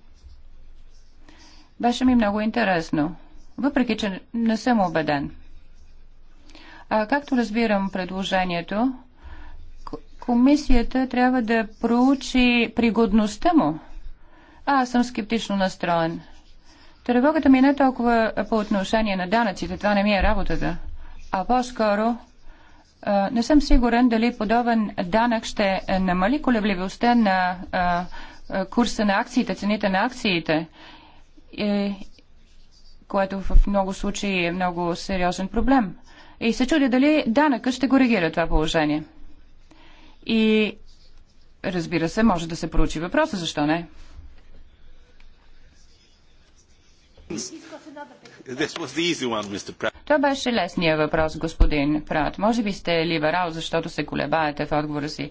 Беше ми много интересно, въпреки че не съм убеден. А както разбирам предложението, комисията трябва да проучи пригодността му – аз съм скептично настроен. Тревогата ми е не е толкова по отношение на данъците, това не ми е работата, а по-скоро не съм сигурен дали подобен данък ще намали колебливостта на курса на акциите, цените на акциите, което в много случаи е много сериозен проблем. И се чудя дали данъка ще коригира това положение. И разбира се, може да се проучи въпроса, защо не? Това беше лесния въпрос, господин Прат. Може би сте либерал, защото се колебаете в отговора си.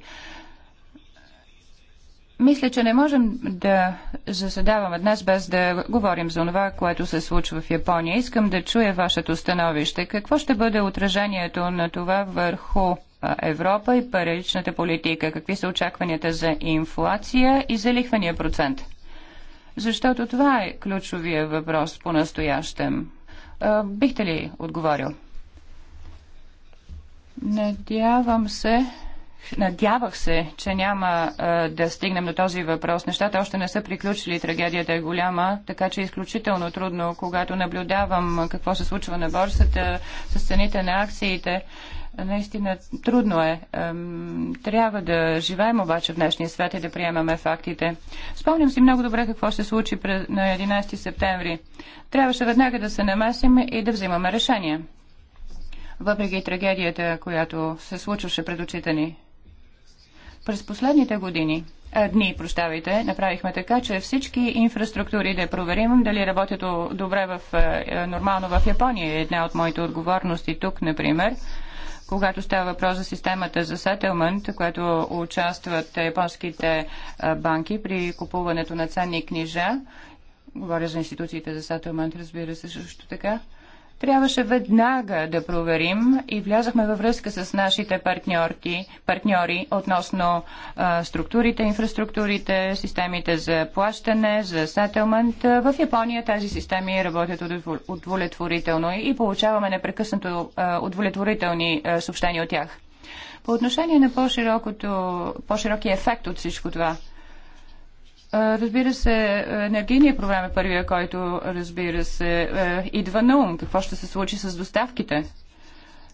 Мисля, че не можем да заседаваме днес без да говорим за това, което се случва в Япония. Искам да чуя вашето становище. Какво ще бъде отражението на това върху Европа и паричната политика? Какви са очакванията за инфлация и за лихвения процент? Защото това е ключовия въпрос по-настоящем. Бихте ли отговорил? Надявам се, Надявах се, че няма а, да стигнем до този въпрос. Нещата още не са приключили, трагедията е голяма, така че е изключително трудно, когато наблюдавам какво се случва на борсата с цените на акциите Наистина трудно е. Трябва да живеем обаче в днешния свят и да приемаме фактите. Спомням си много добре какво се случи на 11 септември. Трябваше веднага да се намесим и да взимаме решение. Въпреки трагедията, която се случваше пред очите ни. През последните години дни, прощавайте, направихме така, че всички инфраструктури да проверим дали работят добре в, е, е, нормално в Япония. Една от моите отговорности тук, например, когато става въпрос за системата за сетълмент, която участват японските банки при купуването на ценни книжа. Говоря за институциите за сетълмент, разбира се, също така. Трябваше веднага да проверим и влязахме във връзка с нашите партньорки, партньори относно а, структурите, инфраструктурите, системите за плащане, за сетълмент. В Япония тази системи работят удовлетворително и получаваме непрекъснато а, удовлетворителни а, съобщения от тях. По отношение на по-широкия по ефект от всичко това – Разбира се, енергийният проблем е първия, който, разбира се, е, идва на ум. Какво ще се случи с доставките?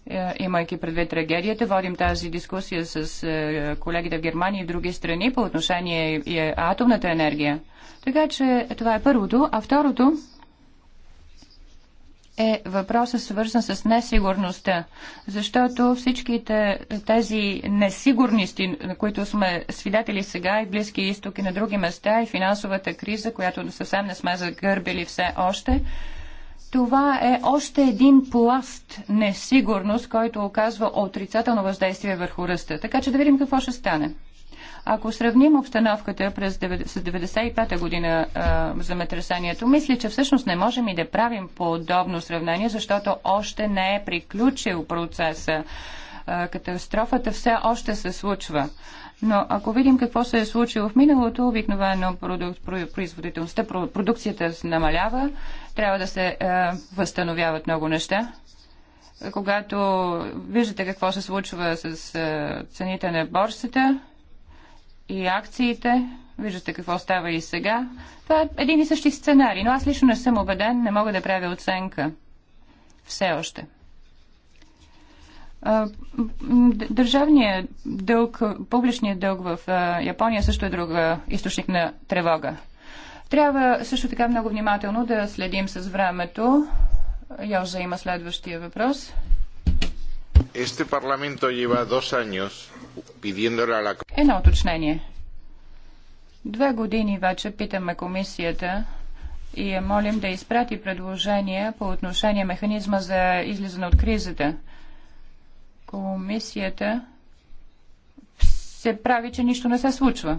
Е, имайки предвид трагедията, водим тази дискусия с е, колегите в Германия и в други страни по отношение и атомната енергия. Така че това е първото. А второто, е въпросът свързан с несигурността, защото всичките тези несигурности, на които сме свидетели сега и Близки изток и на други места и финансовата криза, която съвсем не сме загърбили все още, това е още един пласт несигурност, който оказва отрицателно въздействие върху ръста. Така че да видим какво ще стане. Ако сравним обстановката през 1995 година а, земетресението, мисля, че всъщност не можем и да правим подобно сравнение, защото още не е приключил процеса. А, катастрофата все още се случва. Но ако видим какво се е случило в миналото, обикновено продукт, производителността, продукцията намалява, трябва да се е, възстановяват много неща. Когато виждате какво се случва с е, цените на борсата, и акциите. Виждате какво става и сега. Това е един и същи сценарий, но аз лично не съм убеден, не мога да правя оценка. Все още. Държавният дълг, публичният дълг в Япония също е друг източник на тревога. Трябва също така много внимателно да следим с времето. Йоза има следващия въпрос. Este parlamento lleva dos años Едно уточнение. Две години вече питаме комисията и я молим да изпрати предложения по отношение механизма за излизане от кризата. Комисията се прави, че нищо не се случва.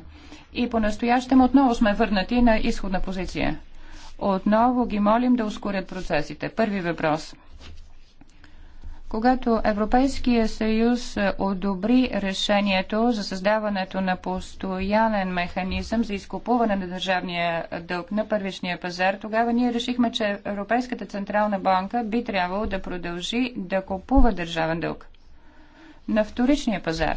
И по-настоящем отново сме върнати на изходна позиция. Отново ги молим да ускорят процесите. Първи въпрос – когато Европейския съюз е, одобри решението за създаването на постоянен механизъм за изкупуване на държавния дълг на първичния пазар, тогава ние решихме, че Европейската централна банка би трябвало да продължи да купува държавен дълг на вторичния пазар.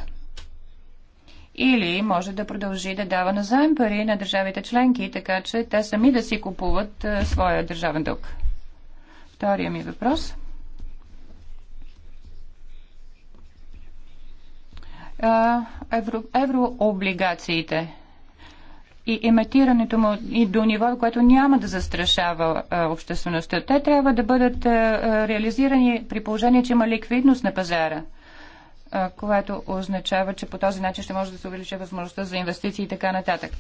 Или може да продължи да дава назаем пари на държавите членки, така че те сами да си купуват е, своя държавен дълг. Втория ми въпрос – евро, еврооблигациите и емитирането му и до ниво, което няма да застрашава а, обществеността. Те трябва да бъдат а, реализирани при положение, че има ликвидност на пазара, а, което означава, че по този начин ще може да се увеличи възможността за инвестиции и така нататък.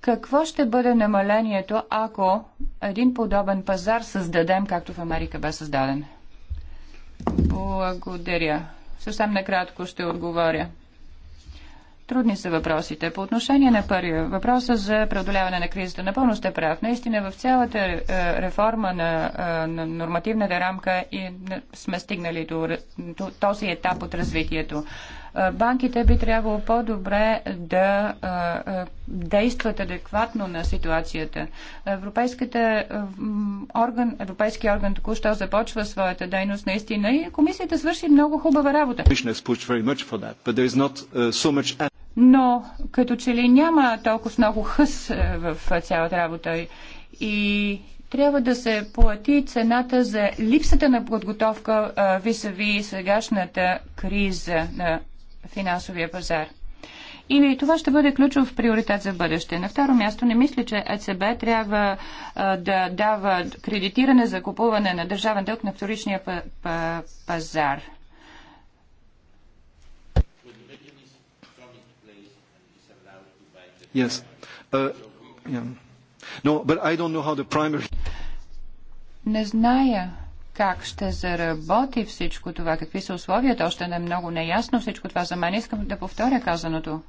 Какво ще бъде намалението, ако един подобен пазар създадем, както в Америка бе създаден? Благодаря. Съвсем накратко ще отговоря. Трудни са въпросите. По отношение на първия въпроса за преодоляване на кризата, напълно сте прав. Наистина в цялата е, реформа на, е, на нормативната рамка и е, сме стигнали до, до този етап от развитието банките би трябвало по-добре да действат адекватно на ситуацията. Европейската орган, европейски орган току-що започва своята дейност наистина и комисията свърши много хубава работа. Uh, Но като че ли няма толкова много хъс в цялата работа и трябва да се плати цената за липсата на подготовка висави сегашната криза на финансовия пазар. И това ще бъде ключов приоритет за бъдеще. На второ място не мисля, че ЕЦБ трябва да дава кредитиране за купуване на държавен дълг на вторичния пазар. Yes. Uh, yeah. no, but I don't know how the primary... Не зная как ще заработи всичко това, какви са условията, още не е много неясно всичко това за мен. Искам да повторя казаното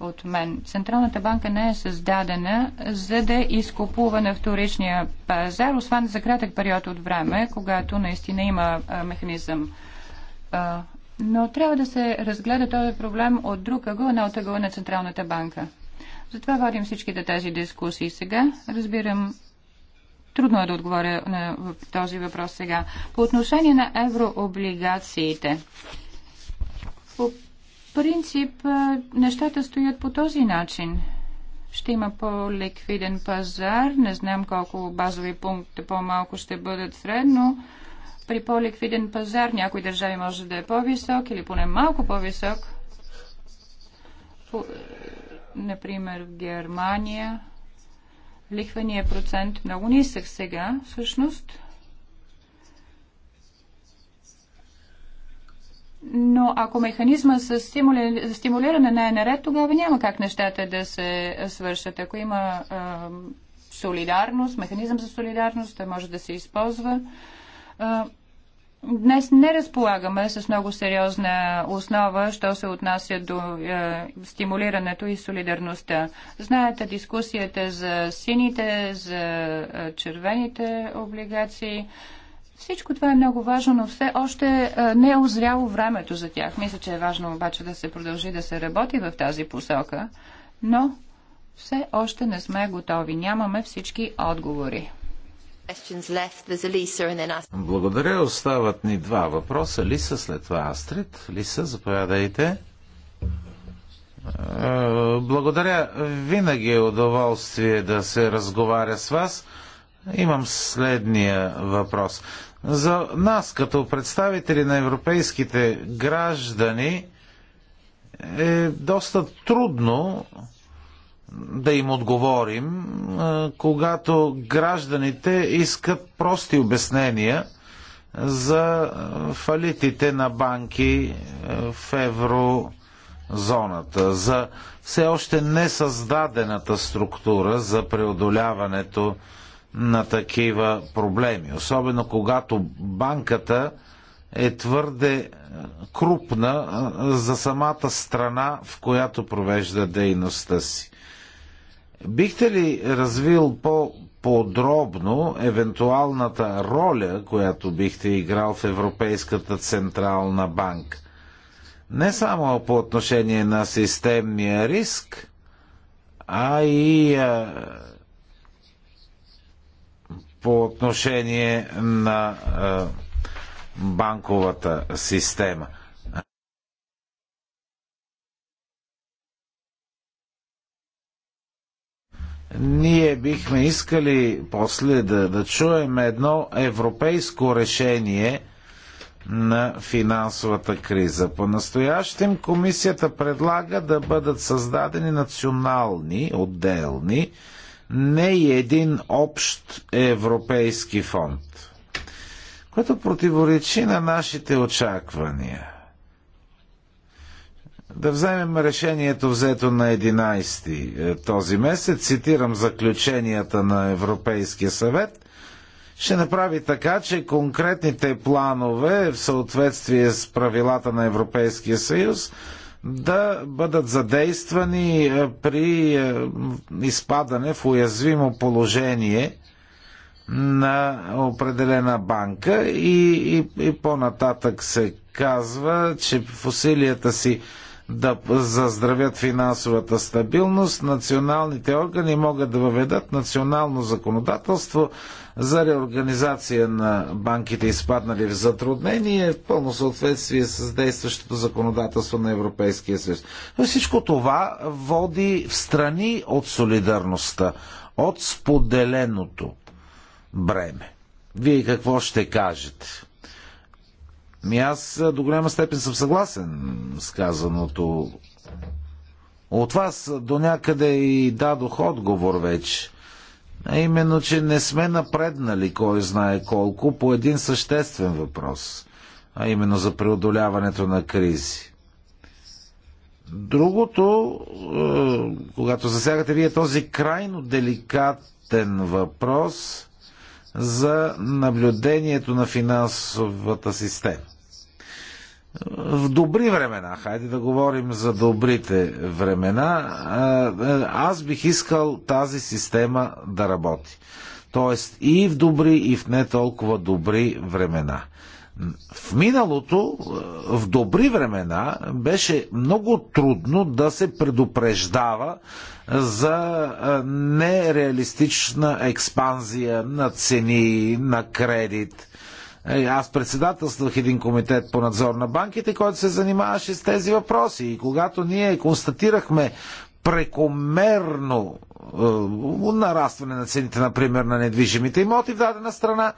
от мен. Централната банка не е създадена за да изкупува на вторичния пазар, освен за кратък период от време, когато наистина има механизъм. Но трябва да се разгледа този проблем от друг ъгъл, не от на Централната банка. Затова водим всичките тези дискусии сега. Разбирам Трудно е да отговоря на е, този въпрос сега. По отношение на еврооблигациите. По принцип е, нещата стоят по този начин. Ще има по-ликвиден пазар. Не знам колко базови пункта по-малко ще бъдат средно. При по-ликвиден пазар някои държави може да е по-висок или поне малко по-висок. По, е, например, в Германия лихвения процент много нисък сега, всъщност. Но ако механизма за стимули... стимулиране не е наред, тогава няма как нещата да се свършат. Ако има е, солидарност, механизъм за солидарност, той може да се използва. Е, Днес не разполагаме с много сериозна основа, що се отнася до е, стимулирането и солидарността. Знаете дискусията за сините, за е, червените облигации. Всичко това е много важно, но все още е, не е озряло времето за тях. Мисля, че е важно обаче да се продължи да се работи в тази посока, но все още не сме готови. Нямаме всички отговори. Благодаря. Остават ни два въпроса. Лиса, след това Астрид. Лиса, заповядайте. Е, благодаря. Винаги е удоволствие да се разговаря с вас. Имам следния въпрос. За нас, като представители на европейските граждани, е доста трудно да им отговорим, когато гражданите искат прости обяснения за фалитите на банки в еврозоната, за все още несъздадената структура за преодоляването на такива проблеми. Особено когато банката е твърде крупна за самата страна, в която провежда дейността си. Бихте ли развил по подробно евентуалната роля, която бихте играл в Европейската централна банка? Не само по отношение на системния риск, а и а, по отношение на а, банковата система. Ние бихме искали после да, да чуем едно европейско решение на финансовата криза. По-настоящем комисията предлага да бъдат създадени национални, отделни, не един общ европейски фонд, което противоречи на нашите очаквания – да вземем решението взето на 11 е, този месец, цитирам заключенията на Европейския съвет, ще направи така, че конкретните планове в съответствие с правилата на Европейския съюз да бъдат задействани е, при е, изпадане в уязвимо положение на определена банка и, и, и по-нататък се казва, че в усилията си да заздравят финансовата стабилност, националните органи могат да въведат национално законодателство за реорганизация на банките, изпаднали в затруднение, в пълно съответствие с действащото законодателство на Европейския съюз. Но всичко това води в страни от солидарността, от споделеното бреме. Вие какво ще кажете? Ми аз до голяма степен съм съгласен с казаното от вас до някъде и дадох отговор вече. А именно, че не сме напреднали, кой знае колко, по един съществен въпрос, а именно за преодоляването на кризи. Другото, е, когато засягате вие този крайно деликатен въпрос, за наблюдението на финансовата система. В добри времена, хайде да говорим за добрите времена, аз бих искал тази система да работи. Тоест и в добри, и в не толкова добри времена. В миналото, е, в добри времена, беше много трудно да се предупреждава за е, нереалистична експанзия на цени, на кредит. Е, аз председателствах един комитет по надзор на банките, който се занимаваше с тези въпроси. И когато ние констатирахме прекомерно е, нарастване на цените, например, на недвижимите имоти в дадена страна,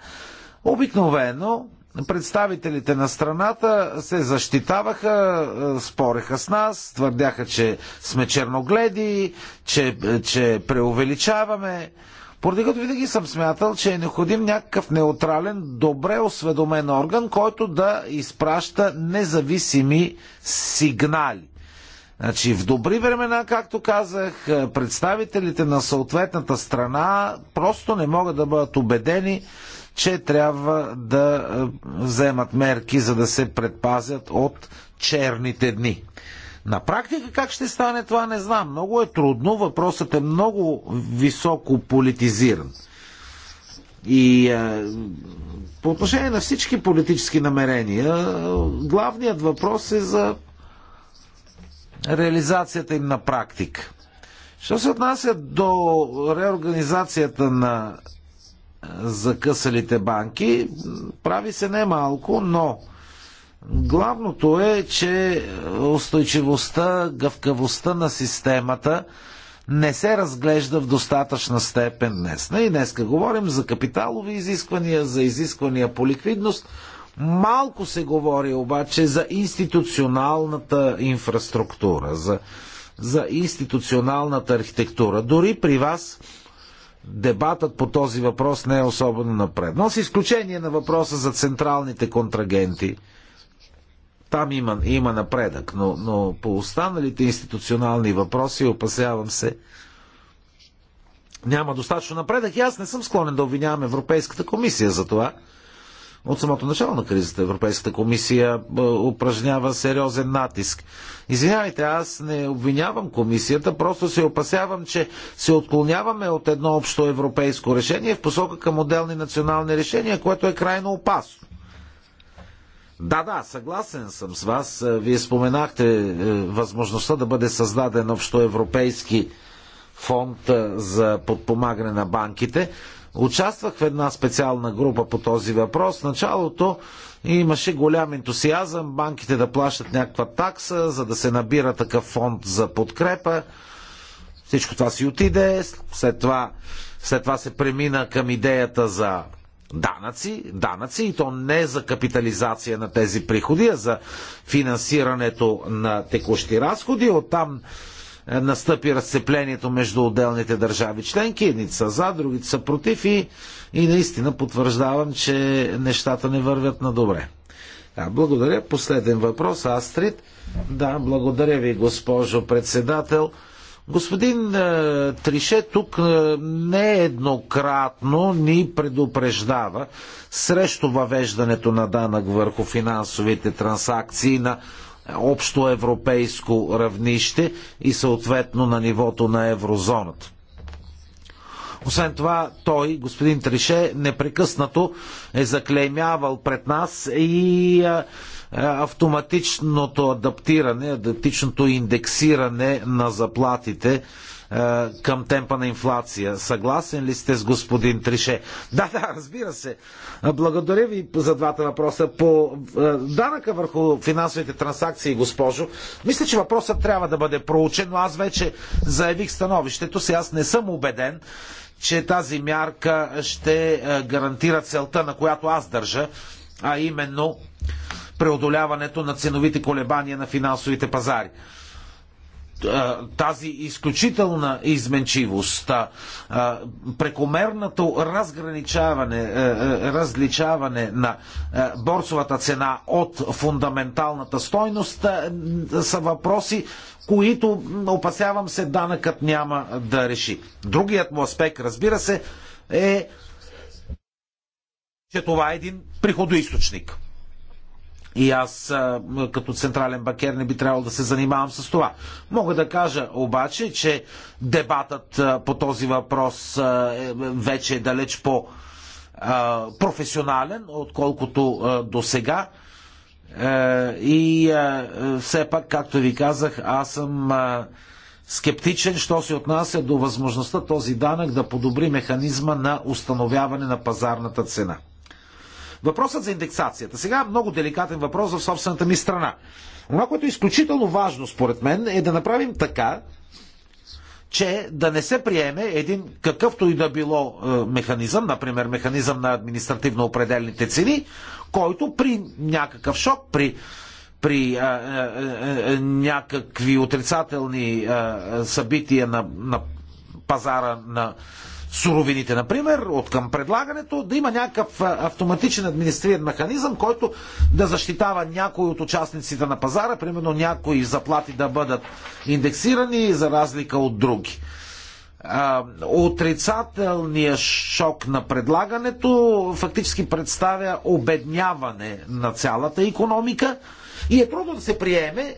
обикновено представителите на страната се защитаваха, е, спореха с нас, твърдяха, че сме черногледи, че, е, че преувеличаваме. Поради като винаги съм смятал, че е необходим някакъв неутрален, добре осведомен орган, който да изпраща независими сигнали. Значи в добри времена, както казах, е, представителите на съответната страна просто не могат да бъдат убедени, че трябва да е, вземат мерки, за да се предпазят от черните дни. На практика как ще стане това не знам. Много е трудно, въпросът е много високо политизиран. И е, по отношение на всички политически намерения, е, главният въпрос е за реализацията им на практика. Що се отнася до реорганизацията на закъсалите банки. Прави се не малко, но главното е, че устойчивостта, гъвкавостта на системата не се разглежда в достатъчна степен днес. И днеска говорим за капиталови изисквания, за изисквания по ликвидност. Малко се говори обаче за институционалната инфраструктура, за, за институционалната архитектура. Дори при вас дебатът по този въпрос не е особено напред. Но с изключение на въпроса за централните контрагенти, там има, има напредък, но, но по останалите институционални въпроси, опасявам се, няма достатъчно напредък. И аз не съм склонен да обвинявам Европейската комисия за това. От самото начало на кризата Европейската комисия е, упражнява сериозен натиск. Извинявайте, аз не обвинявам комисията, просто се опасявам, че се отклоняваме от едно общо европейско решение в посока към отделни национални решения, което е крайно опасно. Да, да, съгласен съм с вас. Е, вие споменахте е, възможността да бъде създаден общоевропейски фонд за подпомагане на банките. Участвах в една специална група по този въпрос. В началото имаше голям ентусиазъм банките да плащат някаква такса, за да се набира такъв фонд за подкрепа. Всичко това си отиде. След това, след това се премина към идеята за данъци, данъци и то не за капитализация на тези приходи, а за финансирането на текущи разходи. Оттам е, настъпи разцеплението между отделните държави членки. Едните са за, другите са против и, и наистина потвърждавам, че нещата не вървят на добре. Да, благодаря. Последен въпрос, Астрид. Да, благодаря ви, госпожо председател. Господин е, Трише тук е, нееднократно ни предупреждава срещу въвеждането на данък върху финансовите транзакции на общо европейско равнище и съответно на нивото на еврозоната. Освен това, той, господин Трише, непрекъснато е заклеймявал пред нас и автоматичното адаптиране, адаптичното индексиране на заплатите е, към темпа на инфлация. Съгласен ли сте с господин Трише? Да, да, разбира се. Благодаря ви за двата въпроса. По е, данъка върху финансовите транзакции, госпожо, мисля, че въпросът трябва да бъде проучен, но аз вече заявих становището си. Аз не съм убеден, че тази мярка ще е, гарантира целта, на която аз държа, а именно преодоляването на ценовите колебания на финансовите пазари тази изключителна изменчивост, прекомерното разграничаване, е, е, различаване на е, борсовата цена от фундаменталната стойност са въпроси, които, опасявам се, данъкът няма да реши. Другият му аспект, разбира се, е, че това е един приходоисточник. И аз като централен бакер не би трябвало да се занимавам с това. Мога да кажа обаче, че дебатът по този въпрос е, вече е далеч по професионален, отколкото до сега. Е, и все пак, както ви казах, аз съм скептичен, що се отнася до възможността този данък да подобри механизма на установяване на пазарната цена. Въпросът за индексацията. Сега е много деликатен въпрос в собствената ми страна. Това, което е изключително важно, според мен, е да направим така, че да не се приеме един какъвто и да било е, механизъм, например механизъм на административно определените цени, който при някакъв шок, при при е, е, е, е някакви отрицателни е, е, събития на, на пазара на суровините, например, от към предлагането, да има някакъв автоматичен администриран механизъм, който да защитава някои от участниците на пазара, примерно някои заплати да бъдат индексирани за разлика от други. Отрицателният шок на предлагането фактически представя обедняване на цялата економика и е трудно да се приеме,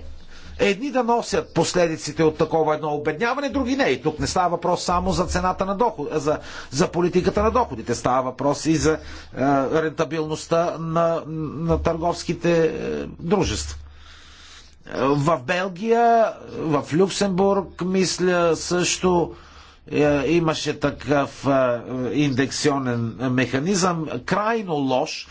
Едни да носят последиците от такова едно обедняване, други не. И тук не става въпрос само за цената на доход, за, за политиката на доходите. Става въпрос и за е, рентабилността на, на търговските е, дружества. В Белгия, в Люксембург, мисля също е имаше такъв е, индексионен механизъм, крайно лош,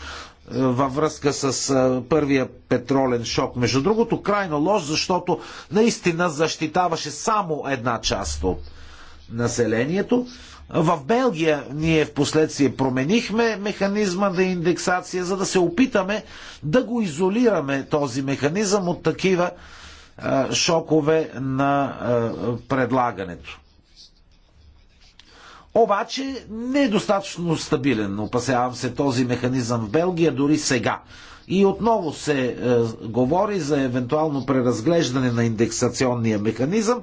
във връзка с първия петролен шок. Между другото, крайно лош, защото наистина защитаваше само една част от населението. В Белгия ние в последствие променихме механизма на индексация, за да се опитаме да го изолираме този механизъм от такива шокове на предлагането обаче не е достатъчно стабилен. Опасявам се този механизъм в Белгия дори сега. И отново се е, говори за евентуално преразглеждане на индексационния механизъм.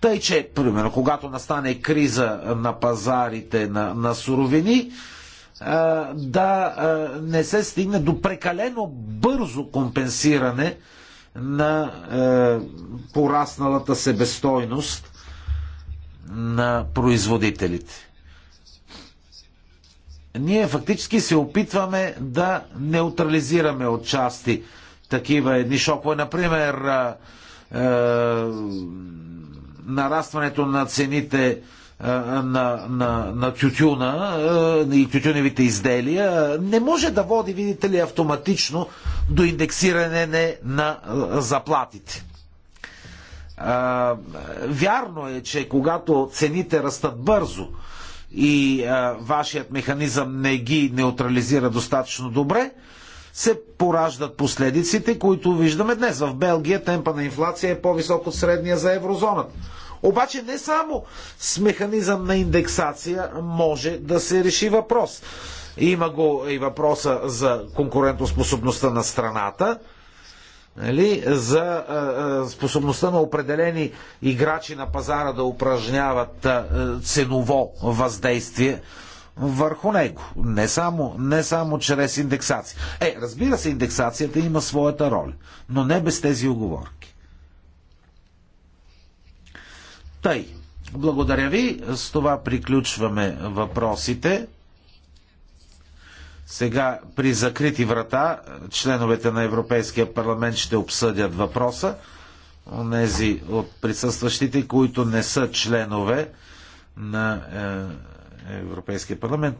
Тъй, че, примерно, когато настане криза на пазарите на, на суровини, е, да е, не се стигне до прекалено бързо компенсиране на е, порасналата себестойност на производителите. Ние фактически се опитваме да неутрализираме от части такива едни шокове. Например, е, нарастването на цените на, на, на тютюна и тютюневите изделия не може да води, видите ли, автоматично до индексиране на заплатите вярно е, че когато цените растат бързо и вашият механизъм не ги неутрализира достатъчно добре, се пораждат последиците, които виждаме днес. В Белгия темпа на инфлация е по-висок от средния за еврозоната. Обаче не само с механизъм на индексация може да се реши въпрос. Има го и въпроса за конкурентоспособността на страната нали, за а, способността на определени играчи на пазара да упражняват а, ценово въздействие върху него. Не само, не само чрез индексация. Е, разбира се, индексацията има своята роля, но не без тези оговорки. Тъй, благодаря ви. С това приключваме въпросите. Сега при закрити врата членовете на Европейския парламент ще обсъдят въпроса. Онези от присъстващите, които не са членове на е, Европейския парламент,